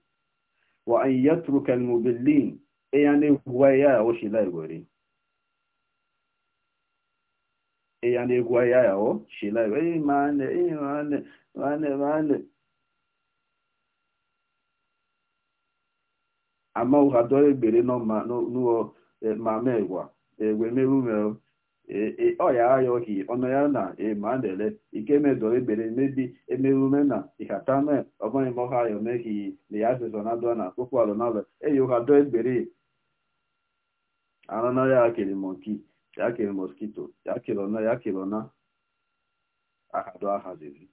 wa an yatruka al mubillin e yani waya o shila igori e yani waya e o shila igori e mane mane mane mane ama ụhadọ egbere nọ n'ụọ ma e, mee gwa ewe mere umere ọya e, ayọghị ọnụ ya na emadele ike medọ egbere mebi emerume na ihatame ọbọnyemọha ayọ meghighi na ya azịzọ na dọ na kpụkpụ alụ n'alụ eyi ụhadọ egbere anụnọ ya akere moki ya kere moskito ya kere ọna ya kere ọna ahadọ ahaziri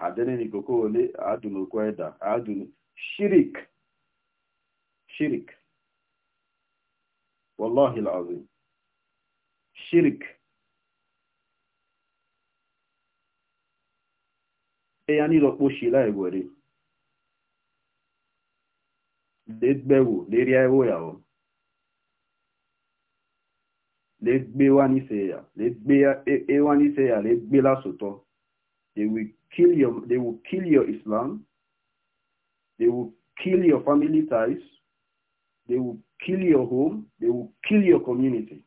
hadene ni koko ole adunu kweda shirik shirik wallahi alazim shirik e yani lo shila egwere legbewo leri ewo legbe wa ya legbe ewanise ya legbela lasotọ They will kill your, they will kill your Islam. They will kill your family ties. They will kill your home. They will kill your community.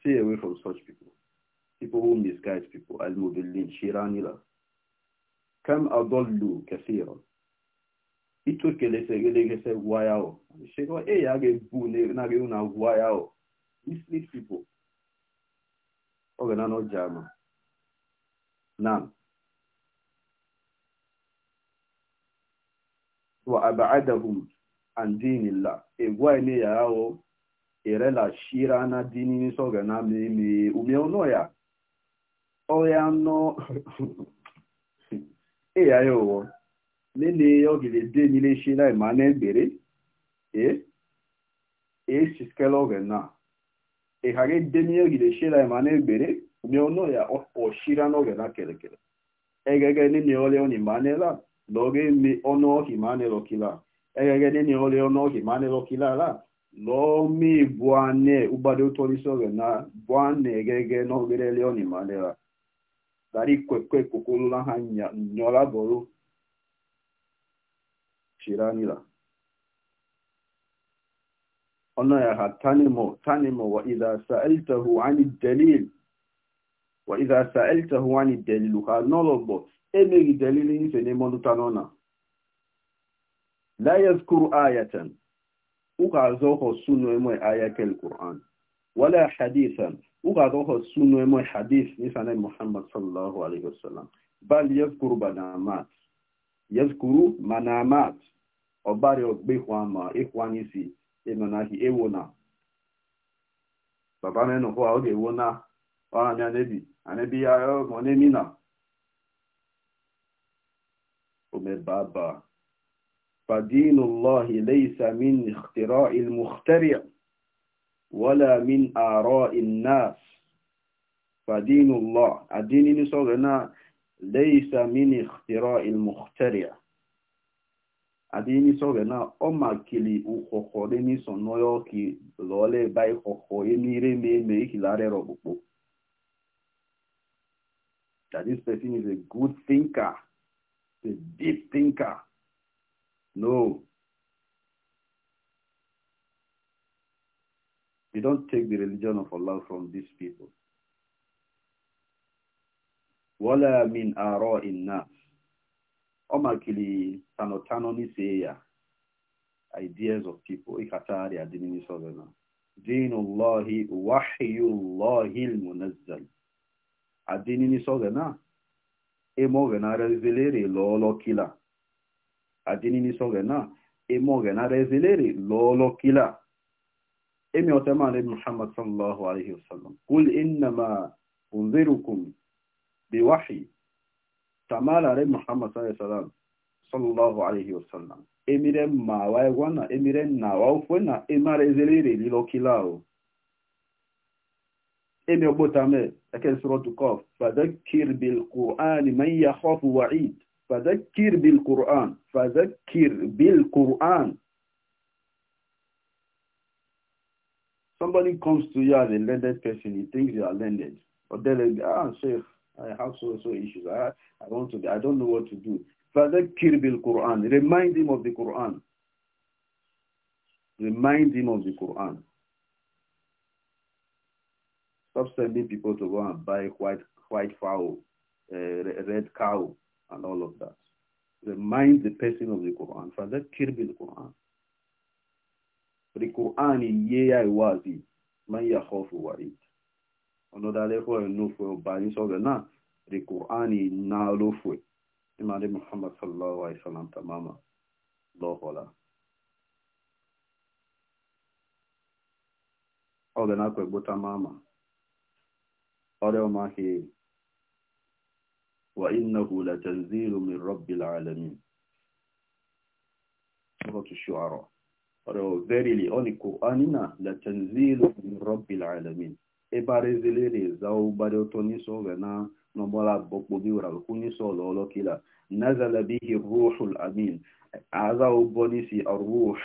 Stay away from such people. People who misguide people. Al-Mudillin, Shiranila. كم أضلوا كثيرا itokele segelegesegwa ya o shekwa e ya ga-ebu na ga-ewu o mislead people. Okay, e e no, no German. Now. irela عن دين الله إغواني ياو إرلا شيرانا ديني سوغنا ميمي ya يا أويانو إيا يو nene ogede de nile shira e na-egbere e e shiskelo gena ehage demiogide shira emana egbere miono ya oshira n'oge na kelekele egege nini ole oni manela loge mi ono ohi manelo kila egege nini ole ono ohi manelo kila la lo mi buane ubade utolisoge na buane egege n'ogere ele oni manela dari kwekwe kukulula ha nyola boru shiranila أنها تنمو تنمو وإذا سألته عن الدليل وإذا سألته عن الدليل قال نلبو أمي دليل سنمون تنونا لا يذكر آية وقازوه سنو مو آية القرآن ولا حديثا وقازوه سنو مو حديث نسان محمد صلى الله عليه وسلم بل يذكر منامات يذكر منامات أباري أبيخوان ما إخواني سي ịnọnahi ewo na baba m enụhụ a ọ ga-ewo na ọamị anebi anebi ya ọnemi na omebaba فدين الله ليس من اختراع المخترع ولا من آراء الناس فدين الله الدين نسوغنا ليس من اختراع المخترع adịghị n'isọrọ na ọ makili ụkọkọ dị n'iso n'ọyọki lọọla ebe ịkọkọ emire ma eme ihilarịrị ọkpụkpụ that this person is a good thinker a deep thinker no we don't take the religion of allah from these people ولا من آراء الناس ọ makiri tanotano n'ise ya ideas of people ikatari adịnisa ọbụla dinullahi wahiyullahi almunazzal adịnisa ọbụla emo ọbụla rezelere lọọlọ kila adịnisa ọbụla emo ọbụla rezelere lọọlọ kila emi otema ne muhammad sallallahu alaihi wasallam kul innama unzirukum biwahyi tamara re muhammad sallallahu sallallahu alaihi wasallam emire mawa egwana emire nawa ofwena emara ezelere lilokilao emi ogbotame eken suratu kof fadhakkir bilqur'ani man yakhafu wa'id fadhakkir bilqur'an fadhakkir bilqur'an somebody comes to you as a learned person he thinks you are learned or they're like ah sheikh I have so and so issues. I, I want to. I don't know what to do. Father, Kirbil Quran, Remind him of the Quran. Remind him of the Quran. Stop sending people to go and buy white white fowl, uh, red cow, and all of that. Remind the person of the Quran. فَذَكِّرْ بِالْقُرْآنِ The Quran, yeah, I was it. onodale fue no fue bani sobre na de Qur'ani na lo fue imam Muhammad sallallahu alaihi wasallam tamama lo hola oge na kwa gbota mama ore o mahi wa innahu latanzilu min rabbil alamin surah ash-shu'ara ore verily oni Qur'anina latanzilu min rabbil alamin ebara ezele na-eza ụgbari ụtọ n'iso oge na n'ọgbara bọkpobi wara okwu n'iso ọla ọlọkila nazalabihi ruhul amin aza ụbọ n'isi ruh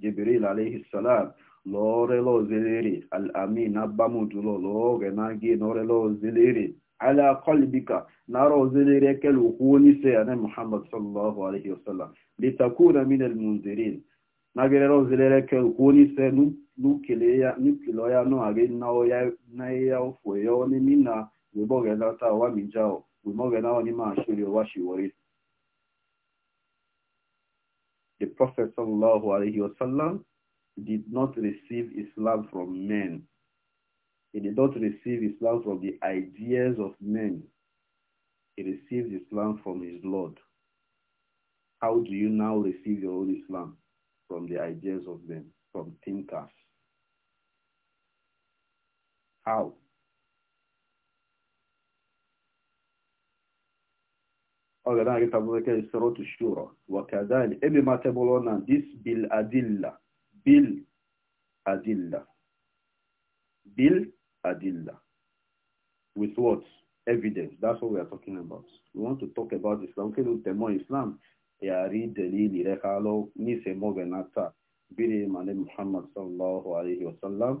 jibril alayhi salam lọrela ozelere al-amin abamudulo lọoge na gị nọrela ozelere ala qalbika nara ozelere ekele okwu onyeisi ane muhammad sallallahu alayhi wasallam litakuna min almunzirin nagerera ozelere ekele okwu onyeisi enu n'ukele ya n'ukele ya nọgharị n'ahịa ofu ya ta wa The Prophet sallallahu alaihi wasallam did not receive Islam from men. He did not receive Islam from the ideas of men. He received Islam from his Lord. How do you now receive your own Islam? From the ideas of men, from thinkers. how ọ ga na-agịtabụleke isorotu shura wakadali emematebụlụ na dis bil adilla bil adilla bil adilla with what evidence that's what we are talking about we want to talk about islam kedu temo islam yari delili, rekalo nise moge benata, taa biri mane muhammad sallallahu alaihi wasallam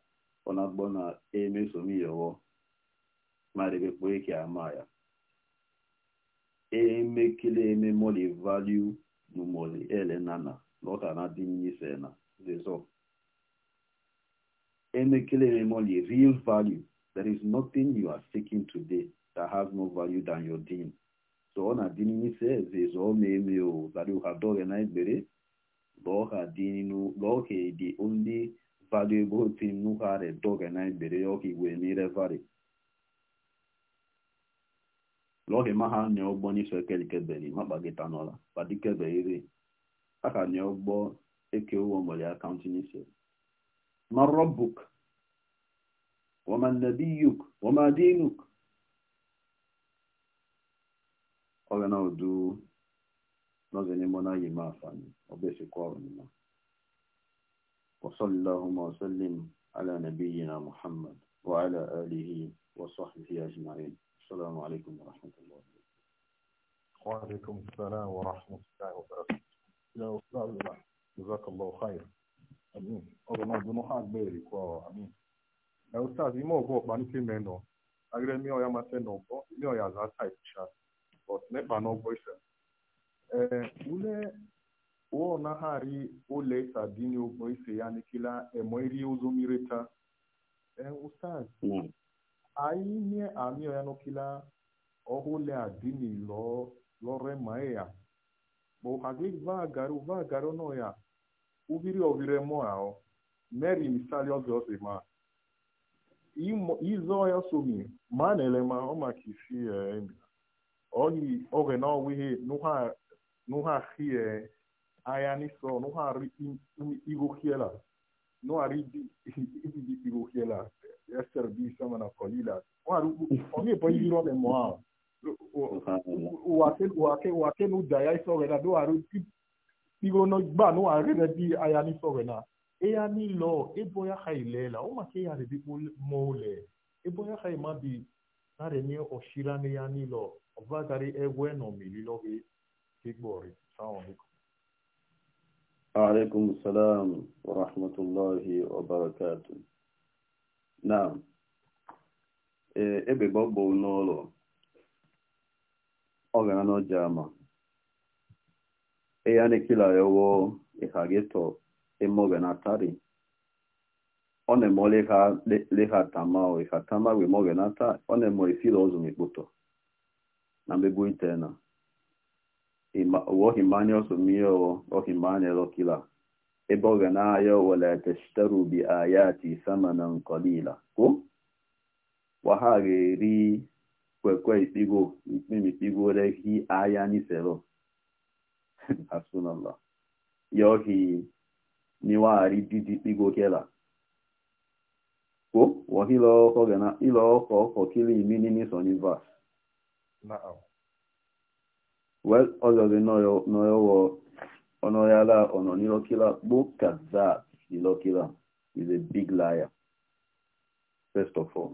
ọnagbọ na eke ama ya. emekele eme moli value numoli elenana lọtana dinnisena zezo emekele eme moli real value there is nothing you are seeking today that has no value than your din so ọ na-adịnise zezo ọ na-eme o zari ụha na egbere lọọ ha dị dị ndị valuable thing nu ha re doge na ibere ọka igwe n'ire vari lọhi ma ha nye ọgbọ n'iso ekelikebeli ma kpagịta n'ọla kpadikebe ire nye ọgbọ eke ma rọbuk wama nabiyuk wama dinuk ọga na odu n'ọzọ n'ime ọ naghị eme afa ọbụ esikwa ọrụ n'ime وصلى اللهم وسلم على نبينا محمد وعلى آله وصحبه أجمعين السلام عليكم ورحمة الله وعليكم السلام ورحمة الله وبركاته يا أستاذ جزاك الله خير أمين أرنا أظن حاج أمين يا أستاذ إما أبو باني في منو أغير ميو يا مسنو ميو يا زاتاي بشار بس نبانو بويسر أه naghari uleta dini uboise yani kila emweri uzumireta eh, ustaz mm. aimie amio yano kila ohule adini lo loremaeya bohagi vagari uvagari onoya uviri oviremo yao meri misali ozi ozi ma izo ya somi manelema omakisi eh, ohi oge na owihi nuha nuha hie aya ni sọ no ha ri igo kiela no ari di di igo kiela ester bi sama na kolila wa ru o mi po yiro me mo ha wa ke wa ke wa ke nu da ya so gena do aru ti igo no gba no ari na di aya ni so gena e ya ni lo e boya ha ilela o ma ke ya re bi mo le e boya ha ma bi na re ni o shira ya ni lo o va gari e bueno mi lo ge ke gbori sawo ni ko عليكم السلام ورحمة الله وبركاته نعم ebe gbogbo n'ụlọ ọ gara n'ọja ama eya na-ekila ya wo tọ eme oge na tari ọ na-eme leha tama o ịha na ta ọ na-eme na na mbegbu وهماني وسميو وهماني لوكيلا إبغنايا ولا تشتروا بآياتي ثمنا قليلا كم وهاغيري kwekwe ikpigo ikpemikpigore hi aya nisero asunallah yohi niwari didi kpigo kela ko wahilo ọkọ gana ilo ọkọ ọkọ kili well ọzọzi n'ọyọwọ ọnọyala ọnọ n'ilọkila kpo kazat ilọkila is a big liar first of all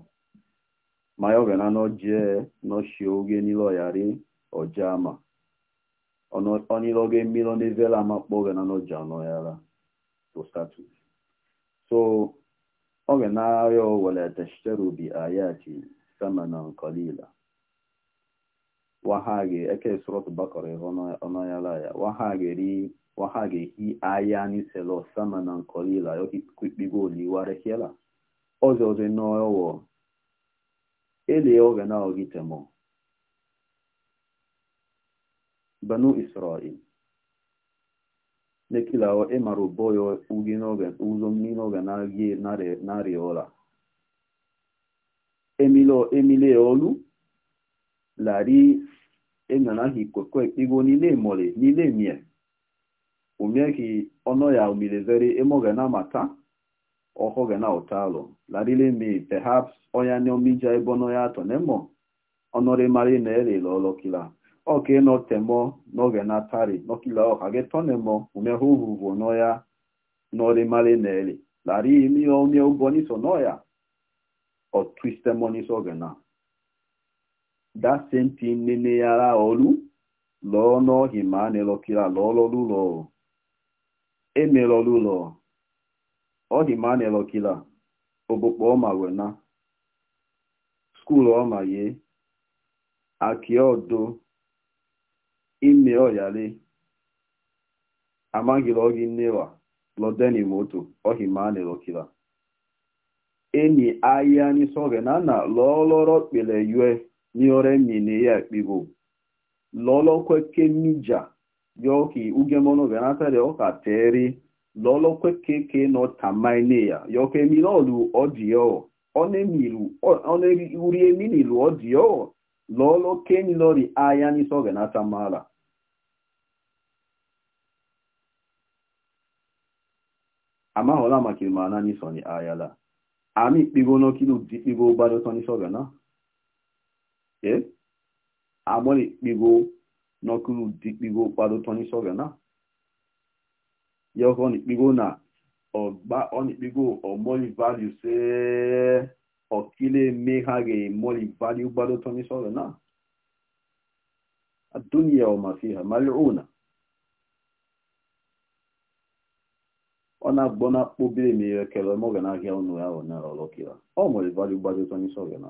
mayọvena n'ọjẹ n'ọsi oge n'ilọyari ọjẹ ama ọnilọge mmiri n'evela ama kpọ ọvena n'ọjẹ ọnọyala to start with so ọvena ayọ wọlẹtẹsiteru bi ayati samanan kalila wahage eke surat bakara onayala ya wahageri wahage hi aya ni selo sama na nkolila yo kikpigo oliware hiela oze oze noyowo ele oge na ogitemo banu israel nekilawo emaru boyo ugi n'oge uzo mmiri n'oge na-agị narị ụra emile olu lari enanahi kwekwe ikpigo n'ile mole n'ile mie umiehi ọnọ ya umilezeri na mata ohogena otalo larile mi perhaps oya ni omija ebono ya atonemo ọnọre mari na erele olokila oke no temo n'ogena tari nokila ohage tonemo umehu vuvu n'oya n'ore mari na ele lari mi omie uboniso n'oya otwistemoniso na. that same thing nene yara olu lọọ n'ọhịa ma a na-elọkira lọọlọlụlọ emelọlụlọ ọhịa ma a na-elọkira obokpo ọma wena skuulu ọma ye akia odo ime ọyale amaghịla ọgị nnewa lọdeni moto ọhịa ma a na-elọkira eni ahịa anyị sọgị na na lọọlọrọ kpere yue niore mine ya kpigo lolo kweke mija yoki ugemono venata de oka teri lolo kweke ke no tamaine ya yoke minolu odio one miru one urie minilu odio lolo keni lori aya ni so venata mala amaghọla maka ịmara n'anyị sọ ni ayala amị ikpigo n'okilu dị ikpigo gbadotọ n'isi ọbịa na ee agbọn ikpigo n'ọkụrụ ụdị ikpigo kpadụtọ n'isi ọga na ya ọkụ ọnikpigo na ọgba ọnikpigo ọmọli value se ọkile me ha value gbadụtọ n'isi ọga na adunia ha malụna ọ na-agbọ na mere kele ọmọga na ya ọ nara ọ value na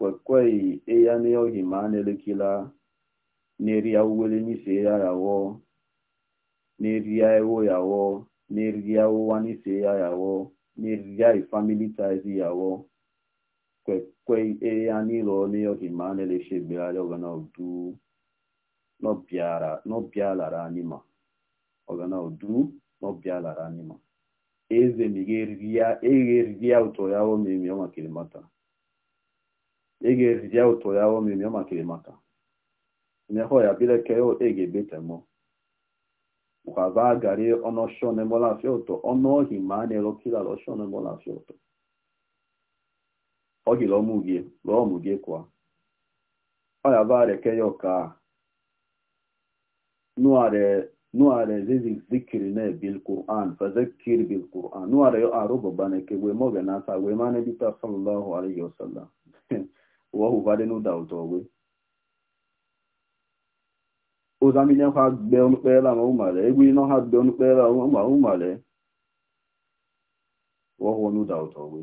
kwekwei eya n'ohi ma a na-elekila ya uwele n'ise ya yawo ya ewo yawo n'eria ụwa n'ise ya yawo n'eria ifamili taizi yawo kwekwei eya n'ilo n'ohi ma a na-elechi egbegharị ọgana odu n'ọbịalara anyị ma ọgana odu n'ọbịalara anyị ma eze mige ria ya ụtọ yawo mmemme ọnwa kilimata ga-ezidia ụtọ ya omimi ọ makịrị maka nyeho ya bileke ege betemo mukaba gari ọnọshone molafi ụtọ ọnụ ohi ma a na-elokila lọshone molafi ụtọ ogi lọmugie lọmugie kwa ọya bareke ya ọka nuare nuare zizi zikiri na bil qur'an fa kiri bil qur'an nuare yo arubo baneke we moge na sa we mane bita sallallahu alaihi wasallam wahuvade n'ụda ụtọ we ụzamine ha gbe onukpela ma ụmale egwu ino ha gbe onukpela ma ụmale wahuo n'ụda ụtọ we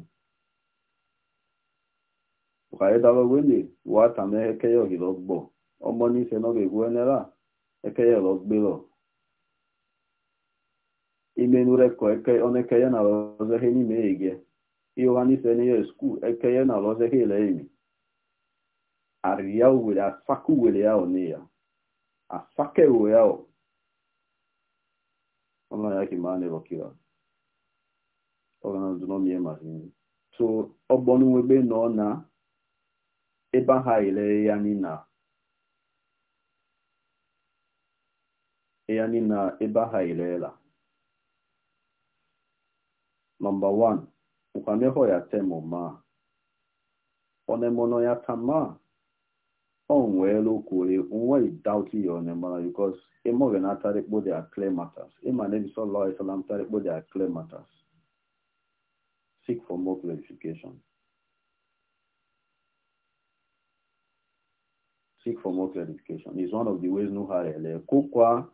ukaedalo wele watame ekeyo hilogbo ọmọ n'ife n'oge egwuenela ekeyo logbelo imenureko eke na lozehe n'ime ege iyohanise n'iyo sku ekeyo na lozehe ile imi arịa were asaka were ya one ya asaka ewe ya ọnụ ya kima a na-ebọkiwa ọgana zunomi ya mazini so ọgbọnụ webe nọ na ebe ha ele ya nina ya nina ebe ha elela nọmba 1 ụkwameho ya temụ ma onemono ya tamaa on welu kwuru nwa idauti ya one mara because emoge na atarikpo dia clear matters ima nebi sallallahu alaihi wasallam atarikpo clear matters seek for more clarification seek for more clarification is one of the ways nuharele kokwa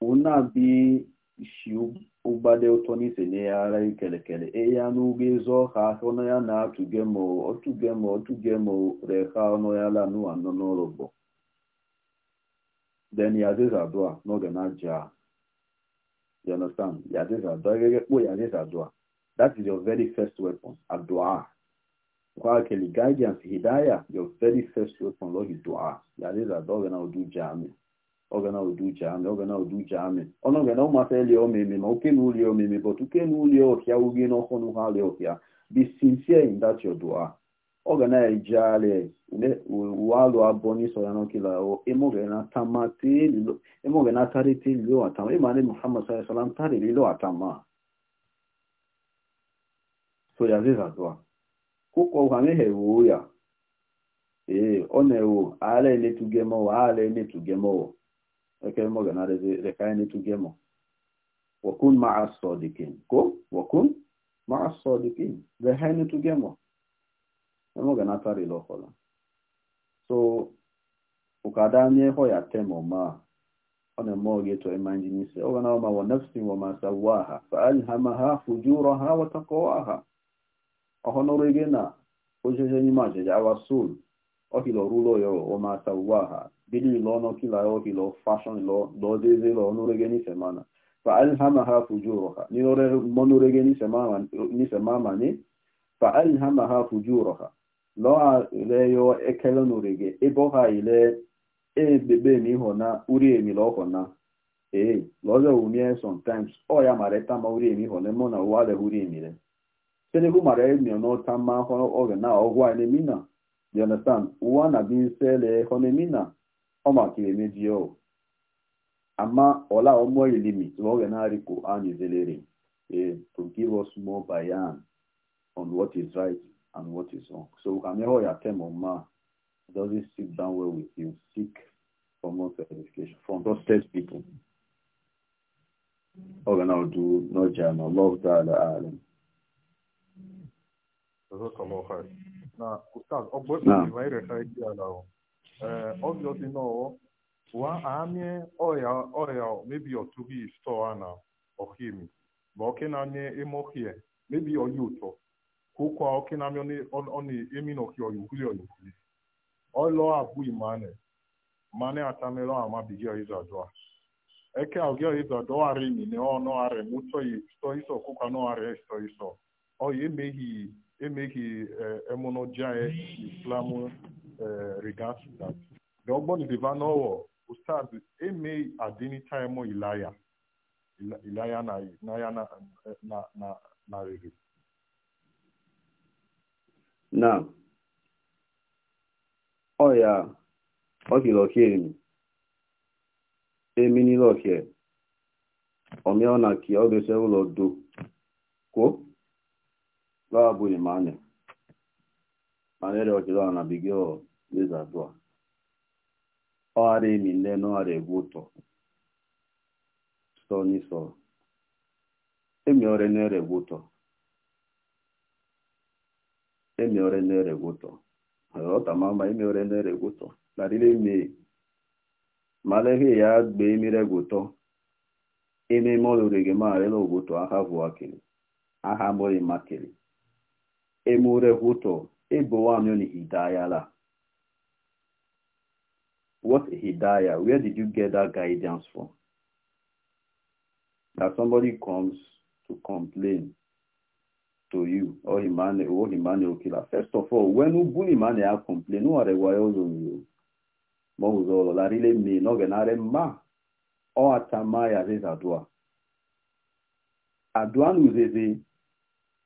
una bi shiu ụgbade ụtọ n'ise na ya ara ikelekele eya n'ugbo ezu ọha ọnụ ya na-atụge ma ọtụge ma ọtụge ma reha ọnụ ya la nụ anọ n'ụlọgbo then yaziza dua n'oge na-aja you understand yaziza dua egege kpo yaziza dua that is your very first weapon adua kwa akeli guidance hidayah your very first weapon lord is dua yaziza dua oge na udu jami ogana uduche ame ogana uduche ame ọnụ ogana ụmata eli omeme ma oke na uli omeme but oke na uli ọhịa uge na ọhụrụ ha li ọhịa be sincere in that your dua ogana ejale walu aboni so yana kila o emogena tamate lilo emogena tarite lilo atama imane muhammad sallallahu alaihi wasallam tare lilo atama so ya ziza dua kuko uhamehe uya ee ọ na-ewu ala enetu gemọwa ala enetu gemọwa eke moga na rekaini tugemo wakun ma'a sadiqin ko wakun ma'a tugemo e na tari so ukada nye ho ya temo ma ona moge to imagine se o na ma wa nafsi wa ma sawaha fa alhamaha fujuraha wa taqwaha ohonoro igena ojeje ni ma o rulo yo ma dili lo no kila yo ki lo fashion lo do de de lo no rege ni semana fa alhamaha fujuraha ni lo re mo no rege ni semana ni semama ni fa alhamaha fujuraha lo a le yo ekelo no rege e bo ha ile e bebe mi ho na uri e mi lo ho na e lo ze u mie sometimes o ya mare ta ma uri e mi ho le mo na wa le uri e mi le sene ku mare mi no ta ma ho no o na o wa ni mina you understand wa na bi se mina ọmọ akiri méjì ọ àmá ọlá ọmọ ìlímì tí wọn gẹ̀ẹ́nà rí kò án ìdílérè to give us more bayan on what is right and what is wrong so kàmíhọ yà tẹm ọmọ doesn't sit down well with you seek formal certification from trusted people ọgànà ọdún n'ọjà nà love dáadáa ààrùn. Ọ̀sán kọ̀ọ̀mọ̀ ọ̀hán. Na, Ustaz, ọgbọ́n ìwà ìrẹ̀ta ìdí àlàó obviously no wa amie oya oya maybe o tugi store ana ohim but okay na ne emohie maybe o yuto kuko okay na me on on emi no ki o yukuli o yukuli o lo abu imane mane atamelo ama bigio izo adoa eke ogio izo adoa ri ni ne o no are muto yi sto iso kuko no are sto iso o ye mehi emeghi emunojae islam e, regards that the ogbon divanowo ustaz eme adini ilaya ilaya na na na na na na oh, rere na oya okilokiemi eminilokie omiona ki babu imani manere wakiloa na bigio leza dua oare mindeno are guto stoni so emi ore nere guto emi ore nere guto ota mama emi ore nere guto larile mi malehi ya gbe emi re guto emi mo lorege ma re lo guto aha vu akili aha mo makili emure hoto huto ebowamyo ni hidayah la what hidaya? where did you get that guidance from that somebody comes to complain to you or imane or imane okila first of all when ubu imane a complain uware wayo zonyo mọ̀wùzọ̀ la rile mi nọ́gẹ̀nárẹ́ mma ọ́ àtàmáyà zézàdúà àdúà nù zézé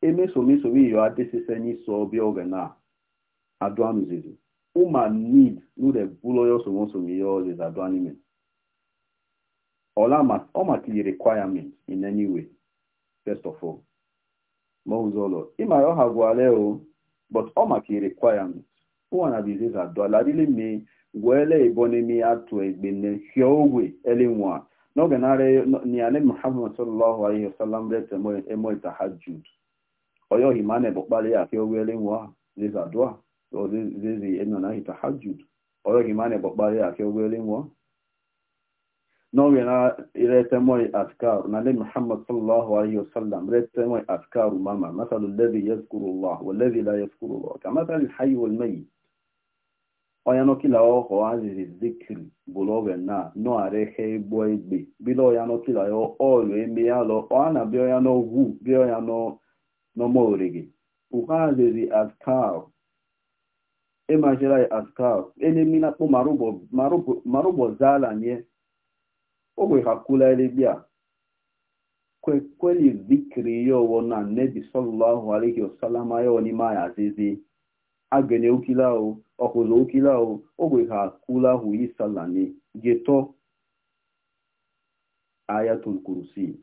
emesomesomi yo adesese n'iso ọbịa oge na adụanụzizi ụma nid n'ụlọ bulo ya osomosomi ya ọzịza adụanime ọ makili in any way first of all ma ụzọ ụlọ ya ọ ha o but ọ maka requirement ụwana bụ adụala ebo atụ egbe ogwe n'oge narị muhammad sallallahu alaihi wasallam e e tahajud oyo himane bokbale ya kio wele wa zeza dua o zezi eno na hita hajud oyo himane bokbale ya kio wele wa no yana irete moy askar na le muhammad sallallahu alaihi wasallam rete moy askar mama مثل الذي يذكر الله والذي لا يذكر الله كمثل الحي والميت oyano kila oho azizi zikri buloge na no arehe igbo igbe bilo oyano kila yo olu eme ya lo ọ na bi oyano wu bi oyano nomorigi uhadhihi askar emajirai askal enemina kpo marubo marubo marubo zalanye ogwe hakula elebia kwekweli kweli dhikri yowo na nebi sallallahu alayhi wasallam ayo ni maya zizi agene ukilao okuzo ukilao ogwe hakula huyi salani geto ayatul kursi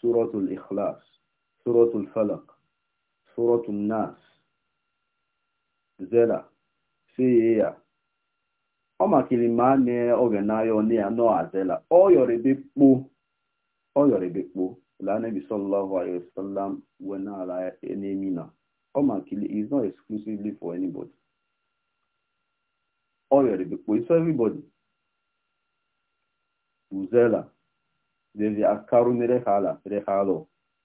suratul ikhlas suratul falak suratul nas zera siyeya ọ makiri ma na ọ ya nọ azela ọ ebe ọ yọrọ ebe kpo lanabi sallallahu alaihi wasallam wee ọ is not exclusively for anybody ọ yọrọ ebe kpo for everybody uzela zezi akaru mere ha ala mere ha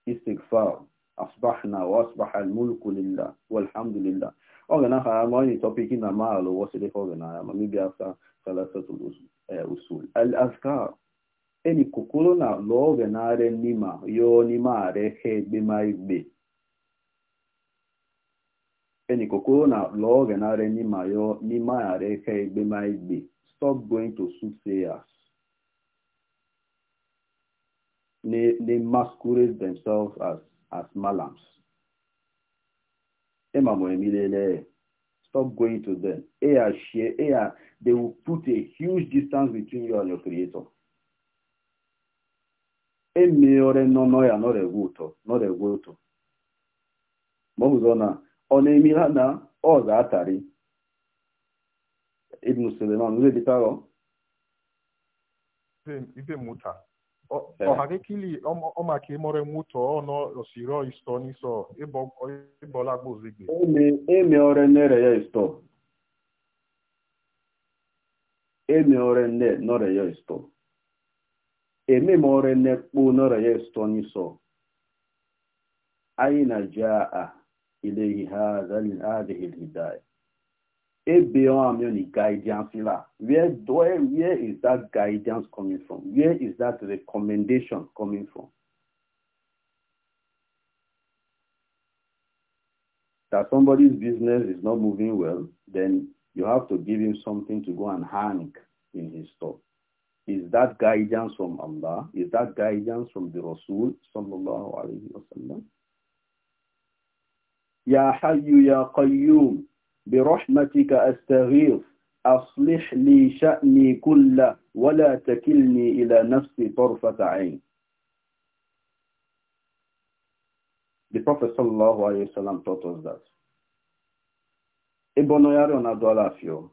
istighfar asbahna wa asbaha almulku lillah walhamdulillah oge na ma ni topic na ma alo sele oge na ma mi bi after salatul eh, usul al azkar eni kokoro na lo oge na re nima yo nima are he ma igbe eni na lo oge na re yo he stop going to soothsayers they, they masquerade themselves as, as malams. Stop going to them. They will put a huge distance between you and your creator. emeore nọ ya n'ọregwu ụtọ n'ọregwu ụtọ ma ọzọ na ọ na-emi ha na ọ ga-atarị ibn suleiman ndị dịtaghọ ife mụta ọharekili ọma ka ịmọrọ nwụtọ ọnọ osiro isto n'iso ịbọla gbozigbe eme e ọrẹ nere ya isto eme ọrẹ nne nọrọ ya isto eme ma ọrẹ nne kpo nọrọ ya isto n'iso anyị na jaa ilehi ha adịghị hidayah Ebe on a guidance Where, where, where is that guidance coming from? Where is that recommendation coming from? That somebody's business is not moving well, then you have to give him something to go and hang in his store. Is that guidance from Allah? Is that guidance from the Rasul sallallahu alayhi wa sallam? Ya Hayyu Ya Qayyum برحمتك أستغيث أصلح لي شأني كله ولا تكلني إلى نفسي طرفة عين The Prophet sallallahu alayhi wa sallam taught us that. Ebonoyari on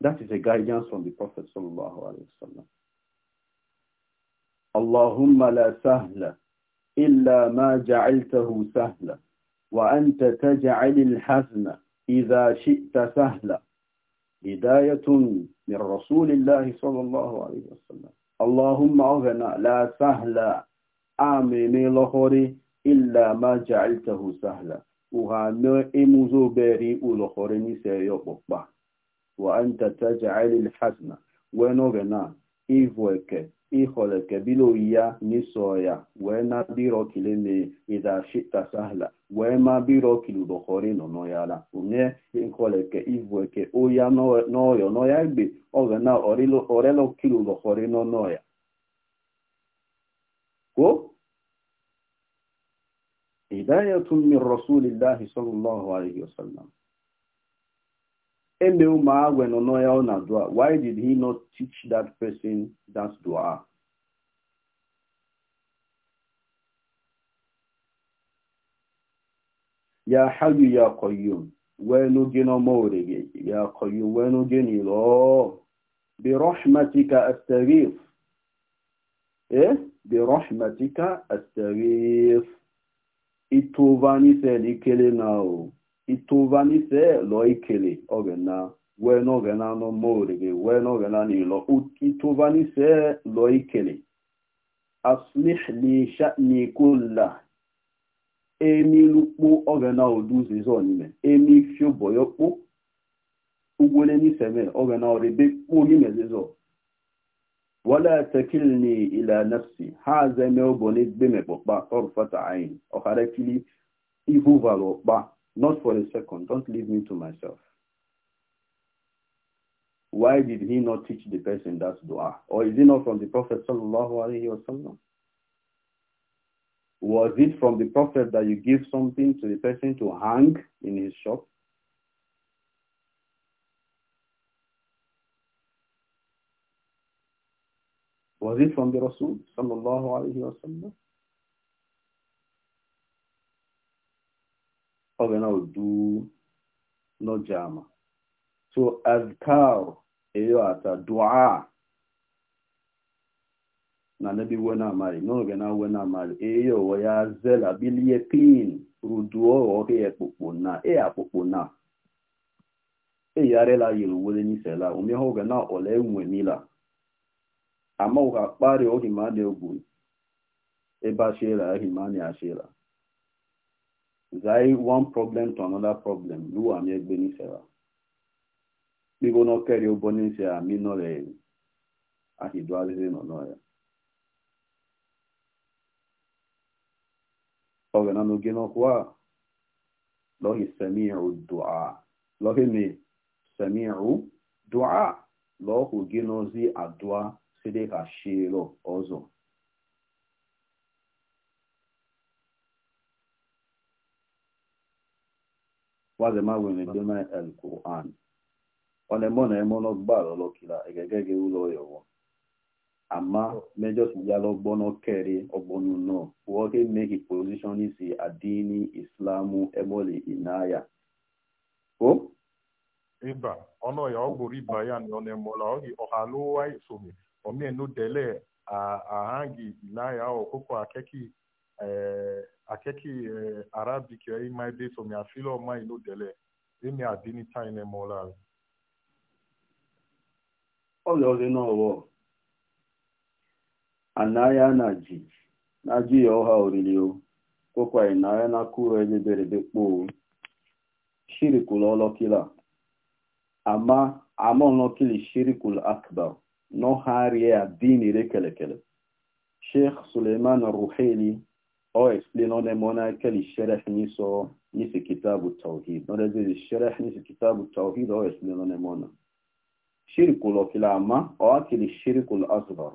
That is a guidance from the Prophet sallallahu alayhi wa sallam. Allahumma la sahla illa ma ja'iltahu sahla. وأنت تجعل الحزن إذا شئت سهلا هداية من رسول الله صلى الله عليه وسلم اللهم أغنى لا سهلا آمني لخوري إلا ما جعلته سهلا وهانا إمزو بيري ولخوري نسي وأنت تجعل الحزن ونغنى إفوك إخولك بلويا نسويا ونبيرك لني إذا شئت سهلا wee ma biro kiludohori nọ n'ọyala onye nkoleke ivueke oya n'ọya n'ọya egbe ogena orelo kiludohori nọ n'ọya ko hidayatun min rasulillahi sallallahu alaihi wasallam eme ụmụ agwe nọ n'ọya ọ na dua why did he not teach that person that dua ya hayu ya qayyum wenu gino morege ya qayyum wenu gini lo bi rahmatika astaghif eh bi rahmatika astaghif ituvani se likele nao ituvani se lo ikele ogena wenu ogena no morege wenu ogena ni lo ituvani se lo ikele aslih li sha'ni kullah ogena nime ugwele ogena orebe zizo wala takilni ila nafsi ha zeme obone gbeme orfata not for a second don't leave me to myself why did he not teach the person that dua or is it not from the prophet sallallahu alaihi wasallam was it from the prophet that you give something to the person to hang in his shop? Was it from the Rasul sallallahu alayhi wa sallam? Okay, now do no jama. So azkar, dua, na nebi wena amari n'oge na wena mari eye owo e, ya zela bilie pin ruduo ọhịa ekpukpu na e akpukpu na eyarela yelu wele nisela umeho oge na ole enwe mila kpari ohi ma egwu ebe ashiela ehi ma na ashiela zai one problem to another problem luo egbe nisela kpigo ụbọ n'isi nọrọ nọ n'ọya ọ̀gànà n'oge n'ọkwa lọ́hì sẹ̀míhù dùá lọ́hì mi sẹ̀míhù dùá lọ́hù gị n'ozi àdùá sídé ka ṣílọ ọzọ wazema wene dema el-Qur'an ọ na-eme ọ na-eme ọnọgbà lọlọkila egegege ụlọ yọwọ ama majors yalo kere ogbonu no woke make his position is adini islamu emoli inaya o iba ono ya ogbo riba ya ni ona mola ohi wa isomi omi enu dele ahangi inaya o koko akeki eh akeki eh, arabic anaya na ji na ji ya ọha oriri o kwekwa inaya na kuro eleberebe kpoo shirikul ọlọkila ama ama ọlọkili shirikul akbar n'ọhari a dini rekelekele sheikh suleiman ruheli o explain ọ na-emona keli sheref n'iso nisi kitabu tawhid n'ọdezezi sheref nisi kitabu tawhid o explain ọ na-emona shirikul ọkila ama ọ akili shirikul asghar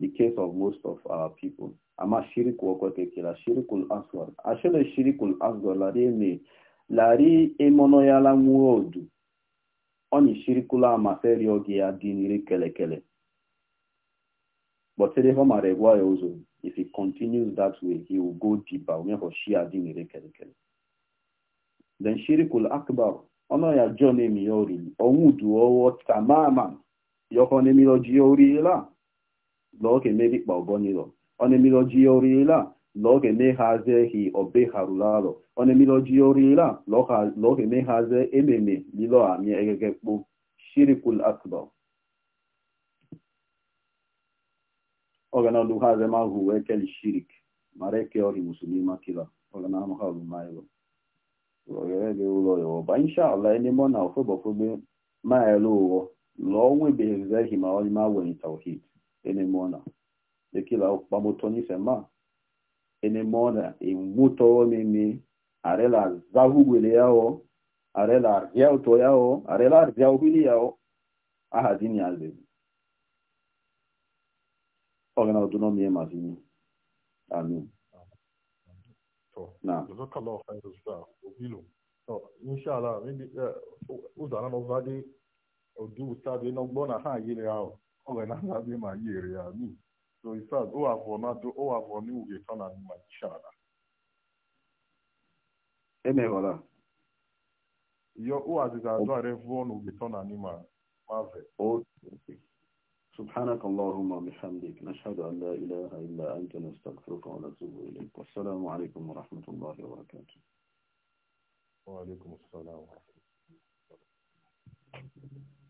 the case of most of our people. Ama shiriku la shirikul aswar. Ashele shirikul aswar lari eme, lari emono yala muodu. Oni shirikula amaferi oge ya diniri kele kele. But today from Aregwa also, if he continues that way, he will go deeper. We have Shia diniri kele kele. Then shirikul akbar, ono ya jone miyori, onwudu owo tamaman, yoko ne miloji yori ila. eme lọge meri kpagonyilọ onemilojiorilila lọge meghazie hi obeharulalo onemilojiorilila eme meghazie ememe egege egegekpo shirikul akbar ogana luhaze mahu wekeli shirik mareke ori musulima kila ogana amhalumailo lọgege ụlọ yoruba inshallah enemo na ofobofogbe maelu ụghọ lọọ nwebeghịzehi ma onye ma wenye tawhid enemona ekila okpamoto nifema enemona emutowo mimi arela zahugwele yawo arela ria uto yawo arela ria uhili yawo ahadini aze ogana odunomie mazini amin na jazakallahu khairan jaza obilu so inshallah mindi uzana eh, no vadi odu sabe no gbona ha yile yawo organizing my area, me. So he said, oh, I've won that, oh, I've won you, you can have my shara. Amen, brother. Your who has it, oh. I don't have one who return anima. Marvel. Oh, سبحانك اللهم وبحمدك نشهد أن لا إله إلا أنت نستغفرك ونتوب إليك والسلام عليكم ورحمة الله وبركاته وعليكم السلام ورحمة الله